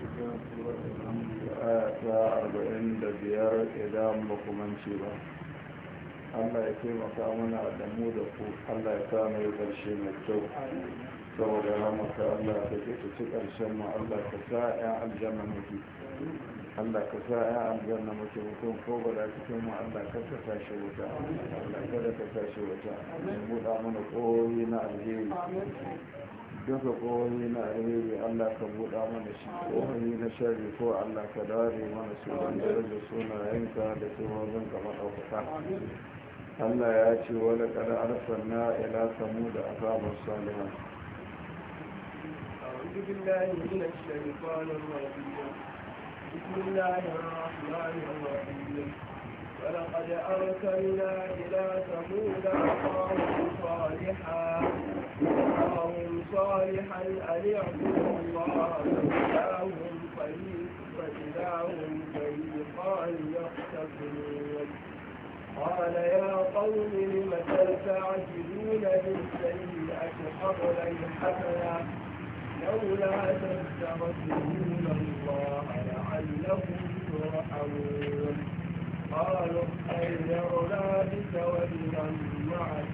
cikin ta arba'in da biyar idan makamanci ba allah ya taimaka mana da mu da ku allah ya kama yi ƙarshe mai kyau saboda ramaka allah ka ta ci ƙarshen ma allah ka sa ya aljanna muke allah ka sa ya aljanna muke mutum ko gada cikin mu allah ka ta tashi wuta allah ka da ka tashi wuta buɗa mana ƙori na alheri cikin saƙoƙoyi na alheri allah ka buɗa mana shi ƙohoni na shari ko allah ka dare mana su wanda suna sunayenka da tsohon ka maɗaukaka allah ya ce wani ƙada arsalna ila samu da azabar salihan بسم الله الرحمن الرحيم ولقد أرسلنا إلى ثمود أخاهم صالحا أخاهم صالحا أن اعبدوا الله فإذا هم فريق فإذا هم فريقان يختصمون قال يا قوم لم تستعجلون بالسيئة قبل الحسنة لولا تستغفرون الله لعلكم ترحمون قالوا أين أولادك ولمن معك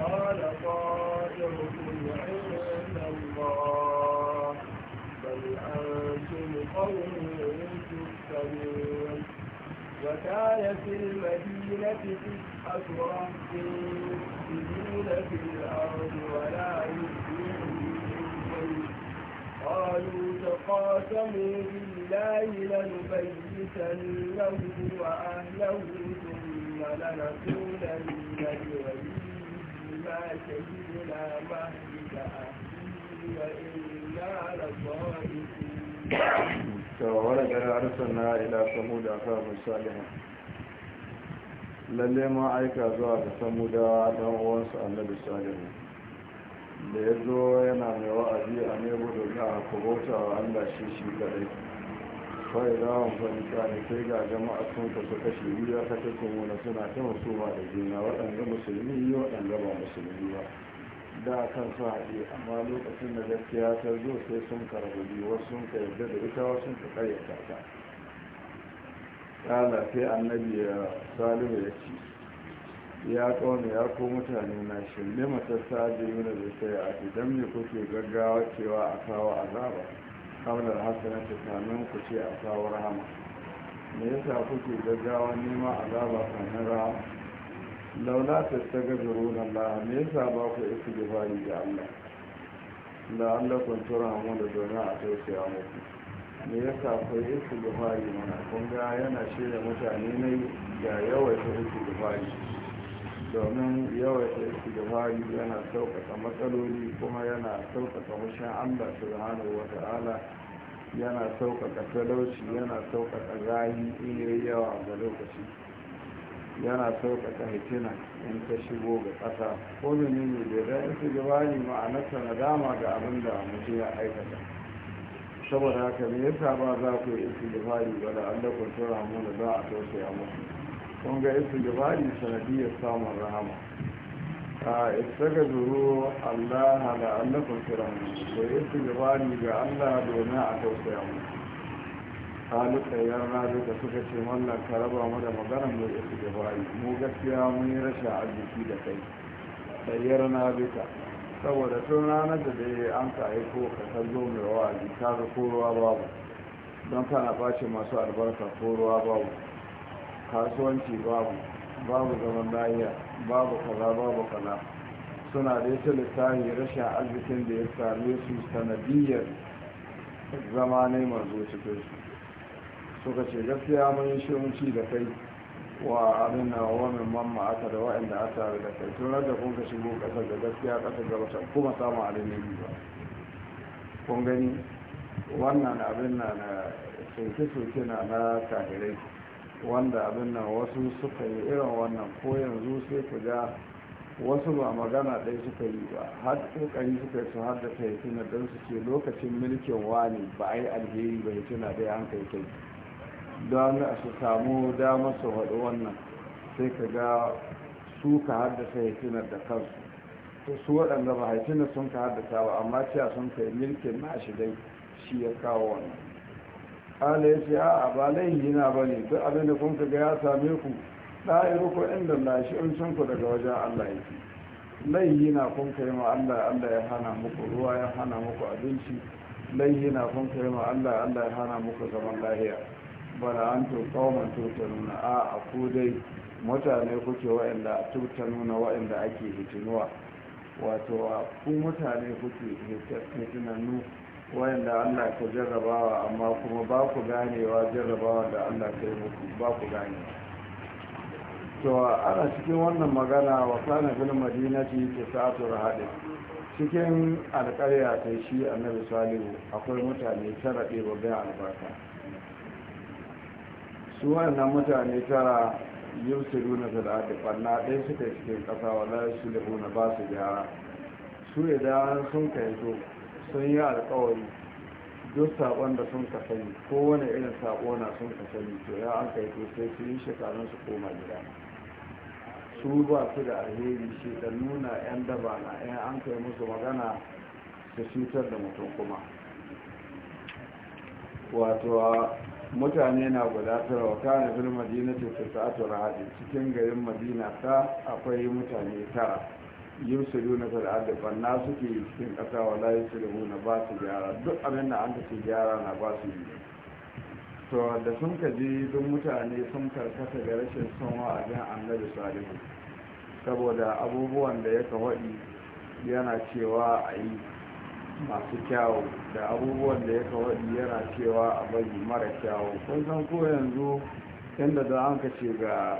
قال طائركم عند الله بل أنتم قوم تفتنون وكان في المدينة تسعة رهط يفسدون في الأرض ولا يفسدون قالوا تقاسموا بالله لنبيتنه وأهله ثم لنكونن لجريه ما شهدنا مهلك wane garin arsar na ila samu da aka musa liha lalle ma aika zuwa ga samu da ɗan uwansu annabi salihu da ya zo yana mai wa'azi a nebo domin a kubauta wa allah shi shi kadai kawai dawon farika ne kai ga jama'a sun kasu kashe biyu ya kasa kuma suna ta ba da juna waɗanda musulmi yi waɗanda ba musulmi ba da kan su haɗe amma lokacin da gaskiya ta zo sai sun biyu wasu sun ka da ita wasu ka karyata ta sai annabi ya salihu ya ci ya kauna ya ko mutane na shirme matasa da yuna da sai a idan ku kuke gaggawa cewa a kawo azaba Kamar hasana ta kamin ku ce a kawo rahama me yasa kuke gaggawa nema azaba kamin rahama launa ta taga zurun Allah me yasa ba ku isu da Allah da Allah kun tura mu da domin a tausaya muku me yasa kai da gibari mana kun yana shirya mutane ne da yawaita da gibari domin yawaita istighfari yana sauƙaƙa matsaloli kuma yana sauƙaƙa hushin Allah subhanahu wa ta'ala yana sauƙaƙa talauci yana sauƙaƙa zahi in yi yawa ga lokaci yana sauƙaƙa hitina in ta shigo ga ƙasa ko menene da zai istighfari ma'anarsa nadama ga abin da mutum ya aikata saboda haka me yasa ba za ku yi istighfari ba da an da da za a tausaya muku kun ga istighfari sanadiyar samun rahama a istaga zuru Allah da Allah kusuran da istighfari ga Allah domin a tausaya mu halitta yarna duka suka ce wannan ka raba mu da maganar mu istighfari mu gaskiya mun yi rashin arziki da kai tsayyar na duka saboda tun ranar da dai an ka aiko ka kallo mai wa'azi ka ga ko ruwa babu don kana ɓace masu albarka ko ruwa babu kasuwanci babu babu zaman layiya babu kaza babu kaza suna da ita littafi rashin arzikin da ya same su sanadiyar zama ne mazo cikin su suka ce gaskiya mun shirinci da kai wa abin na wani mamma aka da wa'anda aka tare da kai tun rada kun ka shigo kasar da gaskiya kasar gabatar kuma samun alinani ba kun gani wannan abin na na sauke soke na na kahirai wanda abin nan wasu suka yi irin wannan ko yanzu sai ku ga wasu ba magana ɗaya suka yi ba har ƙoƙari suka yi su har da tuna don su ce lokacin mulkin wani ba a yi alheri ba ya tuna da an kai kai don su samu damar su haɗu wannan sai ka ga su ka haddasa hitinar da kansu su waɗanda ba hitinar sun ka haddasa ba amma cewa sun kai milkin shi dai shi ya kawo wannan kala ya ce a'a ba laihi na ba ne duk abinda da kun ga ya same ku ɗa'iru ko inda lashe in ku daga wajen allah yake laihi na kun kai ma allah allah ya hana muku ruwa ya hana muku abinci laihi na kun kai ma allah allah ya hana muku zaman lahiya bana an to kawman tuta nuna a a ku dai mutane kuke wa'anda tuta nuna wa'anda ake hitinuwa wato ku mutane kuke hitinannu wayanda Allah ka jarrabawa amma kuma ba ku ganewa jarrabawa da Allah ka yi muku ba ku gane to ana cikin wannan magana wa madina bil madinati sa'atu rahadin cikin alƙarya ta shi annabi salihu akwai mutane tara ɗaya babban albarka su wannan mutane tara yusiru na fil'adi ɓanna ɗaya suka cikin ƙasa wala su da ba su gyara su idan sun kai sun yi alkawari duk sabon da sun ka sani wani irin sako na sun ka sani to ya an kai to sai su yi shekarun su koma gida su ba su da alheri shi da nuna yan daba na yan an kai musu magana su cutar da mutum kuma wato mutane na gudatar wa kayan filin madina ce su sa'atu rahadi cikin garin madina ta akwai mutane tara yusiru na fir'ada banna suke cikin ƙasa wa la yusulu na ba su gyara duk abin da an ce gyara na ba su yi to da sun ka ji duk mutane sun karkata ga rashin son wa'azin annabi salihu saboda abubuwan da ya kawaɗi yana cewa a yi masu kyawu da abubuwan da ya kawaɗi yana cewa a bari mara kyawu kun san ko yanzu inda za an kace ga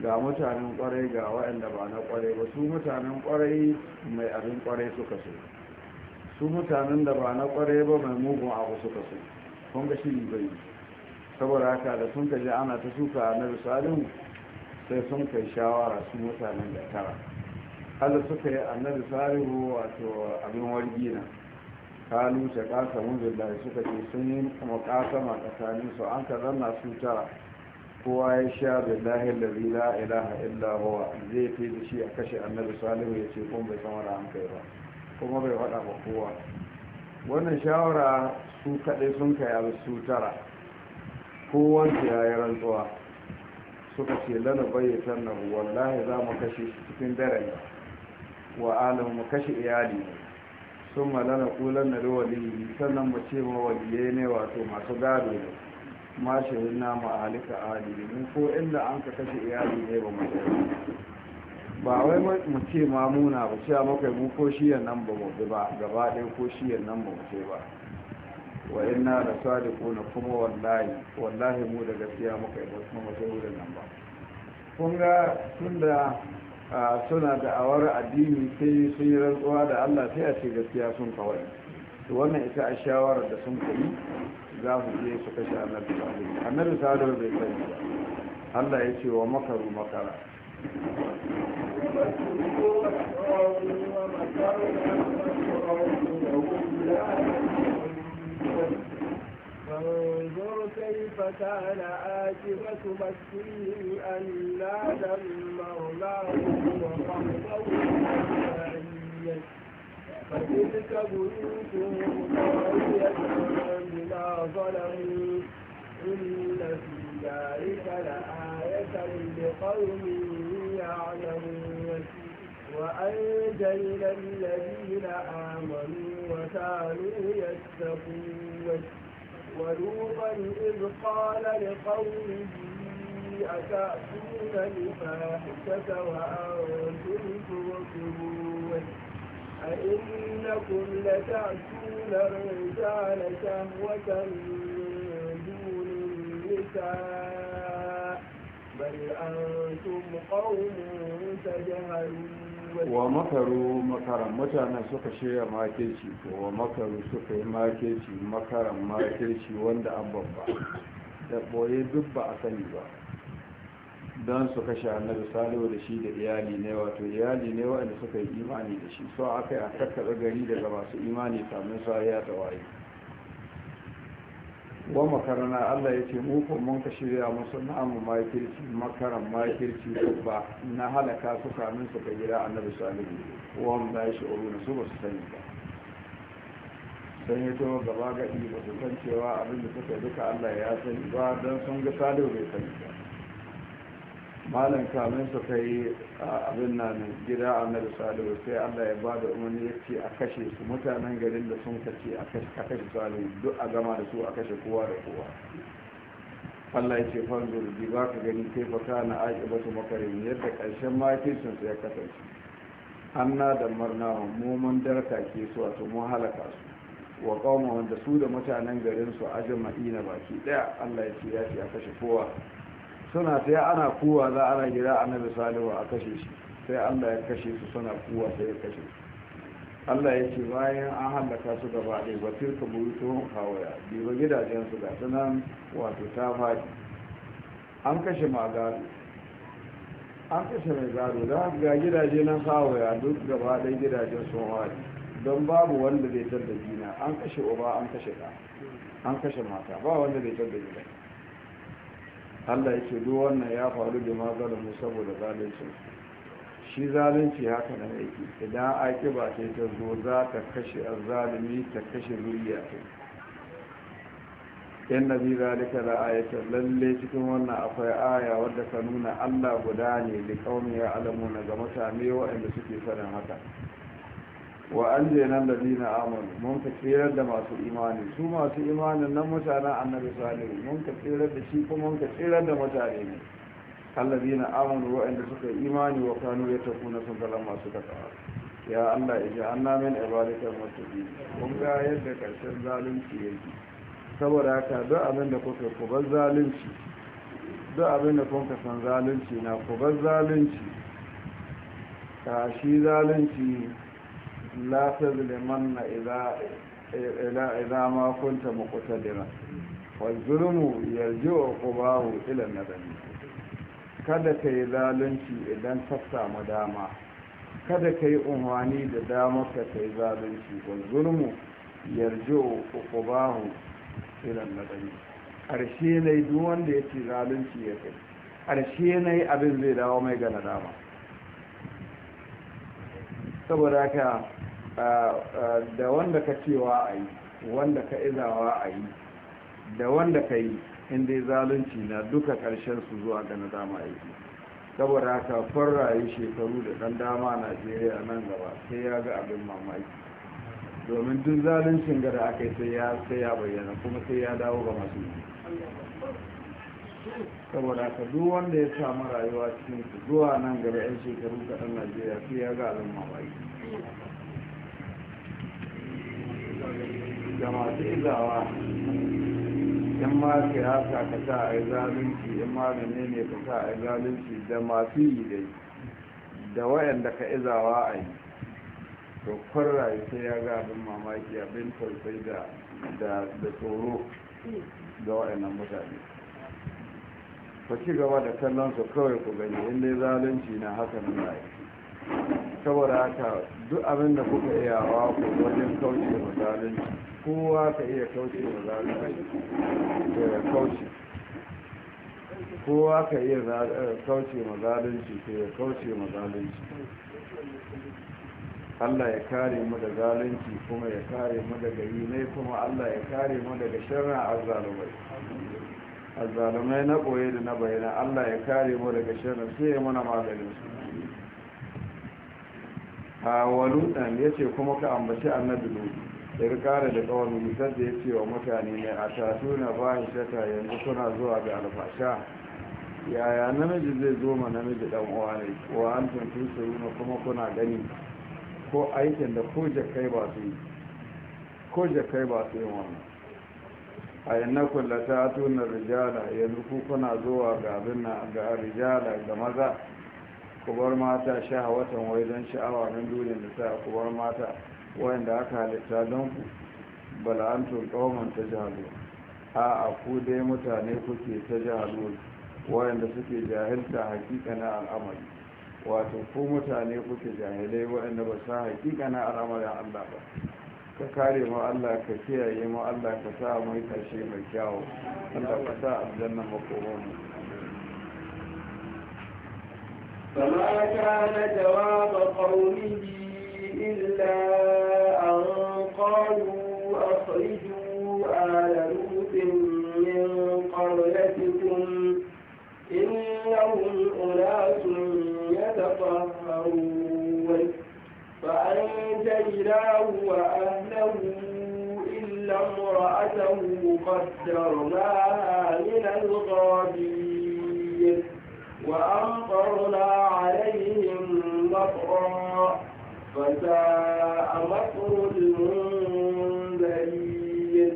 ga mutanen kwarai ga waɗanda ba na kwarai ba su mutanen kwarai mai abin kwarai suka so su mutanen da ba na kwarai ba mai mugun abu suka so kun ga shiri bai saboda haka da sun kaji ana ta suka na bisalin sai sun kai shawara su mutanen da tara hada suka yi annabi salihu wato abin wargi na kalu ta kasa mun da suka ce sun yi ma tsakanin su an ka zanna su tara kowa ya sha billahi allazi la ilaha illa huwa zai fi da shi a kashe annabi salihu ya ce kun bai san da hankali ba kuma bai faɗa ba kowa wannan shawara su kaɗai sun kai a su tara kowansu ya yi rantsuwa suka ce lana bayyatar na wallahi za mu kashe shi cikin ne wa alam mu kashe iyali ne sun malana kulan na da waliyi sannan mu ce ma waliyai ne wato masu gado ne ma nama a ma'alika a mun ko inda an ka kashe iyali ne ba mu ba wai mu ce ma muna ba cewa makai mu ko shiyar nan ba mu ba gaba ɗaya ko shiyar nan ba mu ce ba wa na da na kuma wallahi wallahi mu da gaskiya muka yi kuma mace wurin nan ba kun ga da suna da awar addini sai sun yi rantsuwa da Allah sai a ce gaskiya sun kawai to wannan ita a shawarar da sun kai za su je su kashe annabi salihu annabi salihu bai sani ba Allah ya ce wa makaru makara فانظر كيف كان عاقبة مكرهم أنا دمرناهم وقهرهم فتلك بيوتهم خاوية بما ظلموا إن في ذلك لآية لقوم يعلمون وأنجينا الذين آمنوا وكانوا يتقون ولوطا إذ قال لقومه أتأتون الفاحشة وأنتم تبصرون أئنكم لتأتون الرجال شهوة من دون النساء بل أنتم قوم تجهلون wa makaru makaran mutane suka shirya makeci wa makaru suka yi makeci makaran makeci wanda an babba da boye duk ba a sani ba don su kashe annabi salihu da shi da iyali ne wato iyali ne waɗanda suka yi imani da shi so aka yi a kakkaɓe gari daga masu imani samun sariya ta waye wa makarana allah ya ce kuma mun ka shirya musu namu makirci makaran makirci ba na halaka su kamin suka gida annabi salihu wa mu da shi uru su ba su sani ba sun yi to gaba gaɗi ba su san cewa abin da suka duka allah ya sani ba don sun ga salihu bai sani ba malam kamin su kai abin nan gida a nan salihu sai allah ya ba da umarni ya ce a kashe su mutanen garin da sun kace a kashe salihu duk a gama da su a kashe kowa da kowa allah ya ce fanzur bi ba ka gani kai fa kana aiki ba su makarin yadda ƙarshen makinsun su ya kasance an na da marnawa mu daraka darka ke su wato mun halaka su wa kawo wanda su da mutanen garin su na baki daya allah ya ce ya ce a kashe kowa suna sai ana kuwa za ana a annabi salihu a kashe shi sai allah ya kashe su suna kuwa sai ya kashe su allah ya ce bayan an hallaka su gaba ɗaya ba turka burutun hawaya biyu gidajensu ga sunan wato ta faɗi an kashe gado, an kashe mai gado a ga gidaje na ya duk gaba ɗaya gidajen sun faɗi don babu wanda zai tar da jina an kashe uba an kashe ɗa an kashe mata ba wanda zai tar da jina Allah yake duk wannan ya faru da mazalamu saboda zalunci shi zalunci haka nan yake idan ba ta ta zo za ta kashe azalimi ta kashe zuriya ta in nabi zalika da ayatan lalle cikin wannan akwai aya wadda ka nuna Allah guda ne da kaumi alamu na ga mutane waɗanda suke sanin haka wa an zai da dina amon mun ka tsirar da masu imani su masu imanin nan mutanen annabi salihu mun ka tsirar da shi kuma mun ka tsirar da mutane ne allazi na amon wa'anda suka yi imani wa kanu ya tafi na sun zala masu takawa ya allah ya ji an namin ibadikar matuƙi kun ga yadda ƙarshen zalunci ya yake saboda haka duk abin da kuka ku bar zalunci duk abin da kuka san zalunci na ku bar zalunci ka shi zalunci la tazliman na idza ma kunta muqtadiran wa zulmu yarji'u qubahu ila nadami kada ka yi zalunci idan ka samu dama kada ka yi umarni da damar ka ka yi zalunci wa zulmu yarji'u qubahu ila nadami ƙarshe ne duk wanda ya ce zalunci ya kai ƙarshe ne abin zai dawo mai ga nadama saboda ka. da wanda ka cewa a yi wanda ka izawa a yi da wanda ka yi inda zalunci na duka ƙarshen su zuwa ga dama yake saboda haka farraye shekaru da ɗan dama najeriya nan gaba sai ya ga abin mamaki domin duk zaluncin gada aka yi sai ya bayyana kuma sai ya dawo ga masu yi saboda haka duk wanda ya samu rayuwa cikin zuwa nan gaba 'yan shekaru kaɗan najeriya sai ya ga abin mamaki da masu izawa in ma siyasa ka sa a yi zalunci in ma ne ne ka sa a yi zalunci da masu yi dai da wayanda ka izawa a yi to kwarraye sai ya ga abin mamaki abin tausayi da tsoro ga wayannan mutane ku ci gaba da kallon su kawai ku gani inda zalunci na haka nuna yi saboda haka duk abin da kuka iya wa ku wajen kauce wa zalunci kowa ka iya kauce wa zalunci da kauce kowa ka iya eh, kauce ma zalunci ka iya kauce ma zalunci Allah ya kare mu da zalunci kuma ya kare mu daga yi ne kuma Allah ya kare mu daga sharrin azalumai azalumai na koyi da na bayyana Allah ya kare mu daga sharrin sai ya mana maganin su hawalun ɗan ya ce kuma ka ambaci annabi lutu ya ƙara da ƙawar lutar da ya ce wa mutane ne a tatu na shata yanzu kuna zuwa ga alfasha yaya namiji zai zo ma namiji dan uwa ne wa an tuntun su kuma kuna gani ko aikin da ko jakai ba su yi ko jakai ba su yi wannan a yana ta tunan rijala yanzu ku kuna zuwa ga abin na ga rijala ga maza ku bar mata shahawatan wai don sha'awa don duniya da sa ku bar mata wayanda aka halitta don ku bala'antun ƙauman ta jihar a a ku dai mutane kuke ta jahalu wayanda suke jahilta hakika na al'amari wato ku mutane kuke jahilai wayanda ba sa hakika na al'amarin allah ba ka kare mu allah ka kiyaye mu allah ka sa mu ƙarshe mai kyawu allah ka sa aljanna makomanmu فما كان جواب قومه إلا أن قالوا أخرجوا آل لوط من قريتكم إنهم أناس يتطهرون فأنجيناه وأهله إلا امرأته قدرناها من الغابين وأمطرنا عليهم مطرا فساء مطر المنذرين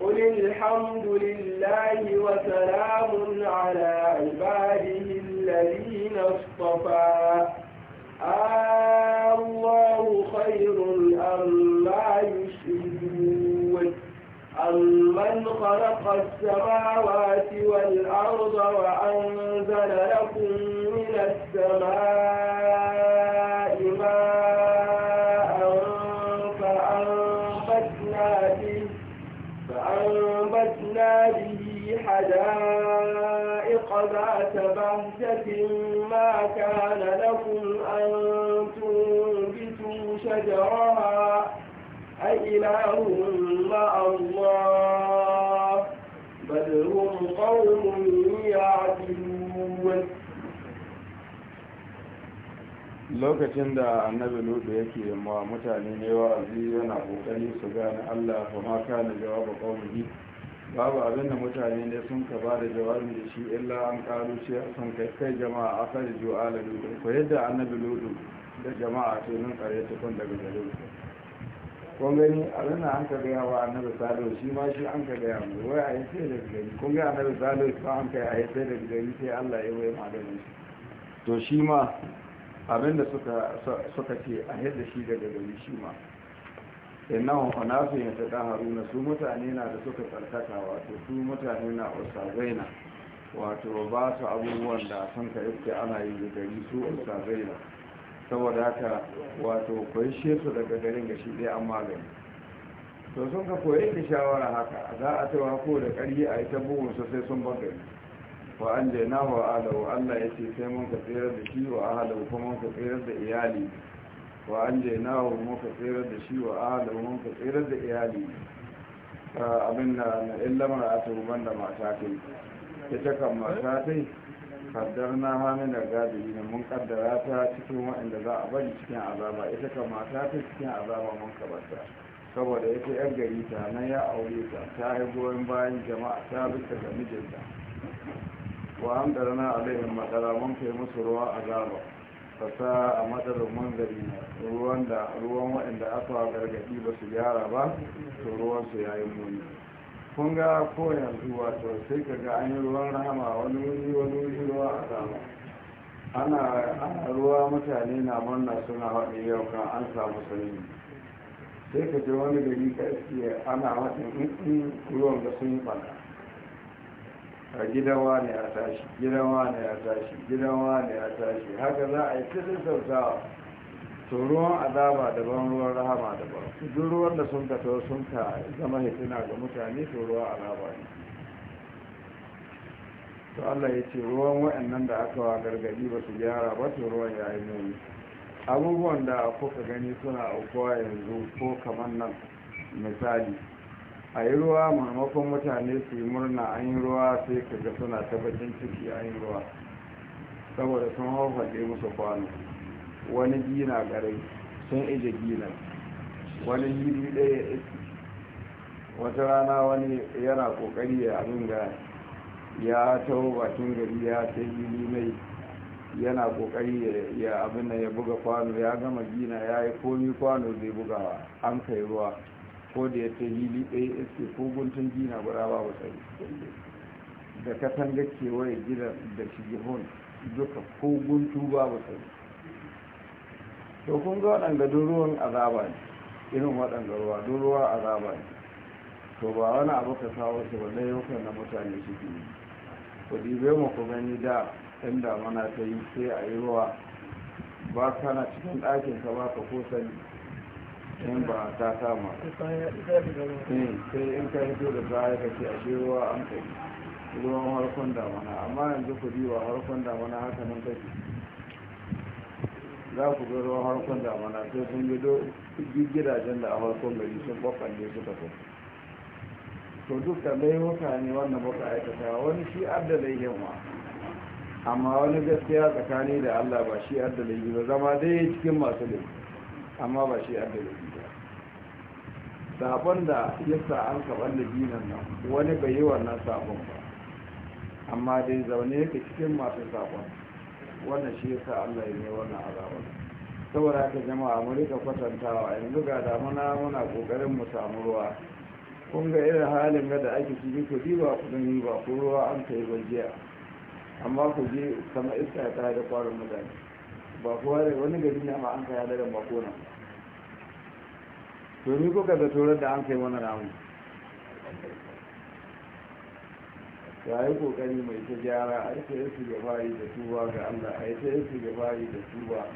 قل الحمد لله وسلام على عباده الذين اصطفى آه من خلق السماوات والأرض وأنزل لكم من السماء ماء فأنبتنا به, فأنبتنا به حدائق ذات بهجة ما كان لكم أن تنبتوا شجرها أإله مع الله lokacin da annabi lutu yake ma mutane ne wa'azi yana kokari su gane allah ba ma kana jawaba qawlihi babu abin da mutane ne sun ka ba da jawabin da shi illa an karu shi sun kai kai jama'a a kan ju'a da lutu ko yadda annabi lutu da jama'a ce nan kare tukun daga gare ku kun gani abin da an ka gaya wa annabi salo shi ma shi an ka gaya mu wai a yi sai da gari kun ga annabi salo ba an kai a yi sai da gari sai allah ya wai maganin shi to shi ma abinda suka ce a yadda shi daga gari shi ma innahu hunafin ya taɗa haruna su mutane na da suka tsarkaka wato su mutane na usazaina wato ba su abubuwan da sun ka yadda ana yi da gari su usazaina saboda haka wato shi su daga garin ga shi ɗaya an magani to sun ka koyi da shawara haka za a tawa ko da ƙari a ita bugun su sai sun bagari wa an na wa alahu Allah ya ce sai mun ka tsirar da shi wa alawo kuma mun ka tsirar da iyali wa an na wa mun ka tsirar da shi wa alawo mun ka tsirar da iyali abin da na illamar a turban da mata kai ta kan mata kai kaddar na hannun da gadi ne mun kaddara ta cikin waɗanda za a bari cikin azaba ita kan mata kai cikin azaba mun bata saboda yake yar gari ta nan ya aure ta ta yi goyon bayan jama'a ta bisa ga mijinta wa an darana alaihim matsala mun kai musu ruwa azaba fasa a madarar mangari ruwan da ruwan waɗanda aka gargaɗi ba su gyara ba to ruwan su yayi muni kun ga ko yanzu ka ga an ruwan rahama wani wuri wani wuri ruwa azaba ana ana ruwa mutane na murna suna haɗe yau kan an samu sanyi sai ka je wani gari ka iske ana haɗin ruwan da sun yi ɓana a gidanwa ne a tashi gidanwa ne a tashi gidanwa ne a tashi haka za a yi cikin sautawa to ruwan azaba daban ruwan rahama daban duk ruwan da sun ka sun ka zama hitina ga mutane to ruwan azaba ne to Allah ya ce ruwan wa'annan da aka wa gargadi ba su gyara ba to ruwan ya yi muni abubuwan da kuka gani suna aukuwa yanzu ko kamar nan misali a yi ruwa maimakon mutane su yi murna an yi ruwa sai ka ga suna ta bakin ciki an yi ruwa saboda sun haufaɗe musu kwano wani gina garai sun ije gina wani hili ɗaya ya wata rana wani yana ƙoƙari ya abin ga ya taho bakin gari ya ta hili mai yana ƙoƙari ya abin ya buga kwano ya gama gina ya yi komi kwano zai bugawa an kai ruwa ko da ya ce hili ɗaya iske ko guntun gina guda babu tsari da katanga kewaye gidan da shigihon duka ko guntu babu tsari to kun ga waɗanda don ruwan azaba ne irin waɗanda ruwa don ruwa azaba ne to ba wani abu ka sawo shi ba ɗaya yau na mutane shi ne ku bai mu ku gani da ɗan damana ta yi sai a yi ruwa ba kana cikin ɗakin ka ba ka ko sani in ba ta sama. Eh, sai in ka hito da baya ka ce a ruwa an kai ruwan harkon damana amma yanzu ku diba harkon damana haka nan kake za ku ga ruwan harkon damana sai sun gido gidajen da a harkon gari sun bakwanne suka kai to duka laifuka ne wannan baka aikata wani shi adda laifin amma wani gaskiya tsakani da allah ba shi adda laifi zama dai cikin masu laifi amma ba shi an da ba sabon da ya sa an kaɓar da dinan nan wani bai yi wannan sabon ba amma dai zaune yake cikin masu sabon wannan shi ya sa allah ya yi wannan azabar saboda haka jama'a mu rika kwatantawa yanzu ga damuna muna kokarin mu samu ruwa kun ga irin halin da ake ciki ku diba kudin yi ba ku ruwa an kai ba jiya amma ku je sama iska ta da kwarin mutane ba kuwa da wani gari ne, ma an kai hadarin makona. to ni ko da torar da an kai wani ramu ya yi kokari mai ta gyara a ita ga bayi da tuba ga allah a ita ga bayi da tuba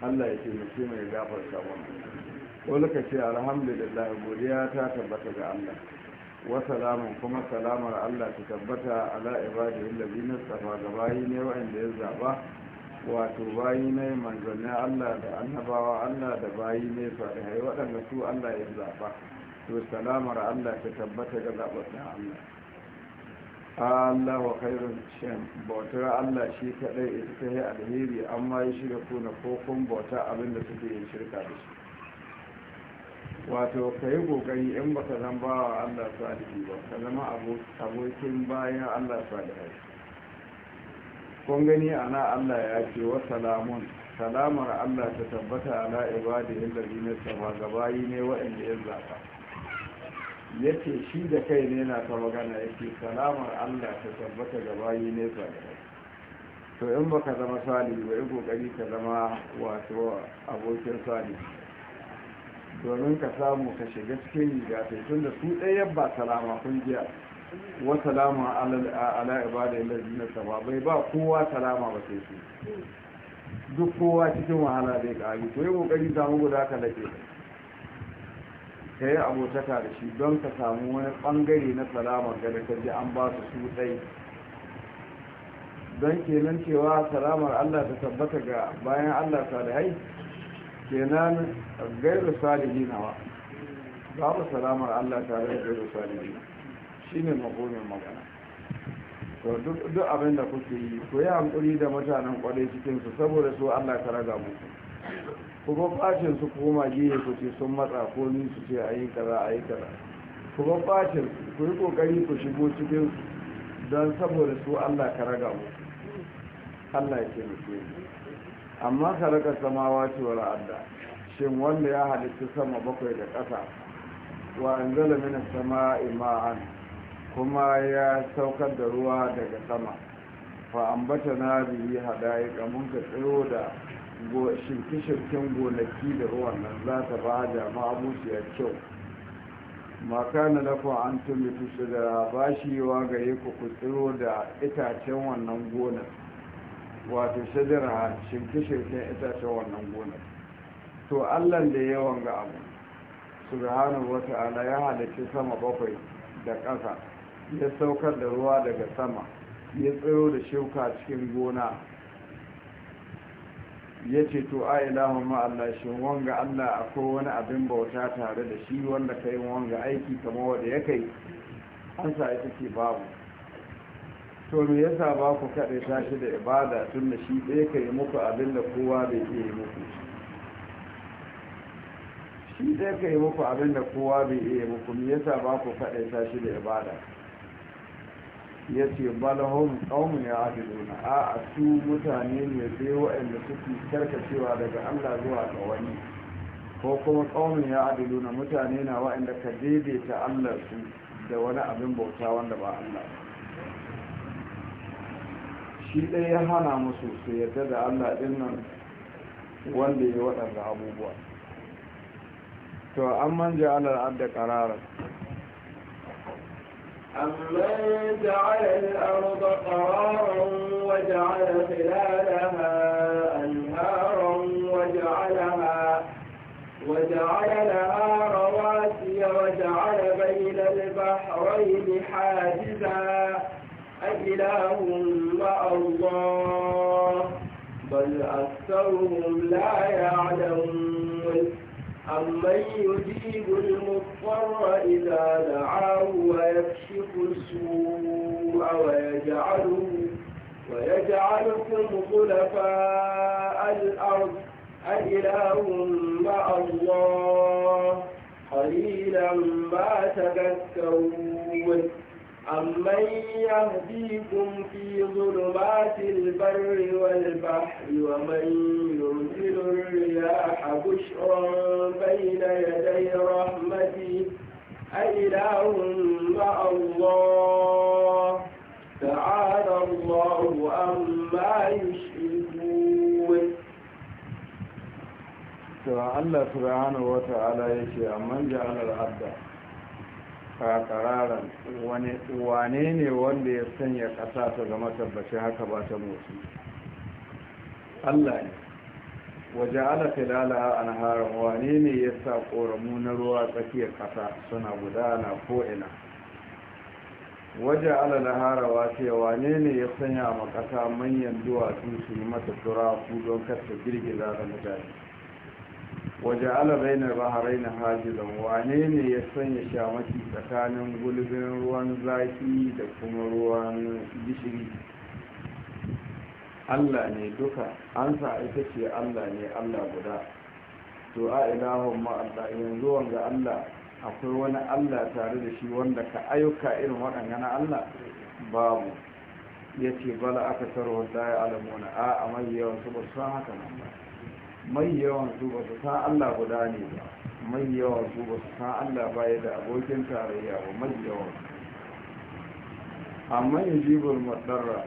allah ya ce mace mai gafar wani wani laka ce alhamdulillah godiya ta tabbata ga allah Wa salamun kuma salamar allah ta tabbata ala ibadihin da safa tsafa gabayi ne wa'anda ya zaba wato bayi ne manzanni Allah da annabawa Allah da bayi ne farihai waɗanda su Allah ya zaɓa to salamar Allah ta tabbata ga zaɓaɓɓen Allah Allah wa kairun shan bautar Allah shi kaɗai ita ta yi alheri amma ya shiga kuna kokun bauta abin da suke yin shirka da shi wato ka yi ƙoƙari in baka zan ba wa Allah salihi ba ka zama abokin bayan Allah salihai kun gani ana allah ya ce wa salamun salamar allah ta tabbata ala na lalina gaba gabayi ne waɗanda yin zaɓa ya ce shi da kai ne na ta magana ya ce salamar allah ta tabbata gabayi ne zaɓa to in baka zama sali ba yi kokari ka zama wato abokin sali domin ka samu ka shiga cikin riga tun da su ɗaya ba salama kun jiya wa salama ala ibada na saba bai ba kowa salama ba sai su duk kowa cikin wahala zai kari to yi kokari samu guda ka lake ka yi abotaka da shi don ka samu wani bangare na salama ga da ka an ba su su tsaye don kenan cewa salamar Allah ta tabbata ga bayan Allah salihai kenan gairu salihi nawa babu salamar Allah tare da gairu salihi shi ne makonin magana to duk abin da kuke yi ku yi hankuri da mutanen kwarai cikinsu saboda su allah ka raga muku kuma bacin su koma giye ku ce sun matsa ko ni su ce a yi kaza a yi kaza kuma bacin ku yi kokari ku shigo cikin don saboda su allah ka raga muku allah ya taimake mu amma raka samawa ce wa ra'adda shin wanda ya halitta sama bakwai da ƙasa wa an zala mina sama ima'an kuma ya saukar da ruwa daga sama fa ambata na biyi hada'ika mun ka tsiro da shirke-shirken gonaki da ruwan nan za ta ba da ya kyau maka na lafa an tumi fushi da bashiwa ga yi ku tsiro da itacen wannan gonar wato shajara shirke-shirken itacen wannan gonar to allan da yawan ga abu Su wata wata'ala ya halarci sama bakwai da ƙasa ya saukar da ruwa daga sama ya tsiro da shuka cikin gona ya ce to a ilahun ma'alla shi wanga allah akwai wani abin bauta tare da shi wanda ka yi wanga aiki kama wadda ya kai an sa ita ce babu to me yasa ba ku kaɗai tashi da ibada tun da shi ɗaya ka yi muku abin da kowa bai iya yi muku shi ɗaya ka yi muku abin da kowa bai iya yi muku me yasa ba ku kaɗai tashi da ibada ya ce balahun ƙaunin ya adiluna a su mutane ne sai waɗanda suke karkacewa daga allah zuwa ga wani ko kuma ƙaunin ya adiluna mutane na waanda ka daidaita allah su da wani abin bauta wanda ba allah shi ɗaya ya hana musu su yadda da allah dinnan wanda ya waɗanda abubuwa to an manja alar da ƙararar أمن جعل الأرض قرارا وجعل خلالها أنهارا وجعلها وجعل لها رواسي وجعل بين البحرين حاجزا أإله مع الله بل أكثرهم لا يعلمون أمن يجيب المضطر إذا دعاه ويكشف السوء ويجعله ويجعلكم خلفاء الأرض أإله مع الله قليلا ما تذكرون أمن يهديكم في ظلمات البر والبحر ومن يرسل الرياح بشرا بين يدي رحمته أإله مع الله تعالى الله عما يشركون الله سبحانه وتعالى يشيع من جعل العبد sakararan wane ne wanda ya sanya ƙasa ta zama tabbaci haka ba ta motsi allah ne waje ala filala an haram wane ne ya sa ƙoramu na ruwa tsakiyar kasa suna gudana ko'ina waje ala laharawa ce wane ne ya sanya ma ƙasa manyan duwatsu su yi mata turaku don kasta girgiza da mutane waje alabainar baharaina hajjilan wane ne ya sanya shamaki tsakanin gulbin ruwan zafi da kuma ruwan gishiri allah ne duka an sa ita ce allah ne allah guda to a ilahun ma'alla yanzu wanga allah akwai wani allah tare da shi wanda ka ayyuka irin waɗanda na allah babu ya ce bala aka sarwa da alamuna a a mai yawan su ba san haka nan ba mai yawan su ba su san Allah guda ne ba mai yawan su ba su san Allah baya da abokin tarayya ba mai yawan amma yin jibin matsarra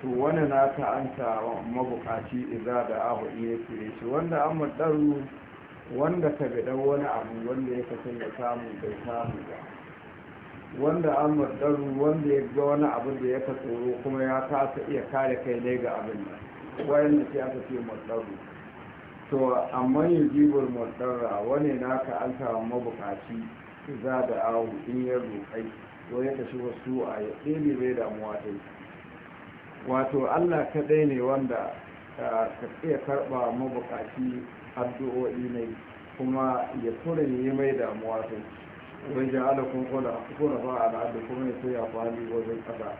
su wani na ta an mabukaci iza da abu iya kire shi wanda an matsaru wanda ka gada wani abu wanda ya kasan ya samu bai samu ba wanda an matsaru wanda ya ga wani abu da ya ka tsoro kuma ya kasa iya kare kai ne ga abin nan wayan da ke aka ce matsaru to amma yin jibar mutarra wani naka an samu mabukaci za da awu in ya roƙai to ya tashi wasu a ya ɗini bai damuwa ta yi wato allah kaɗai ne wanda ka iya karɓa mabukaci addu'o'i ne kuma ya tura ne mai damuwa ta yi Wai ja ala kun kuna ba al'adu kuma ya tuya kwali wajen ƙasa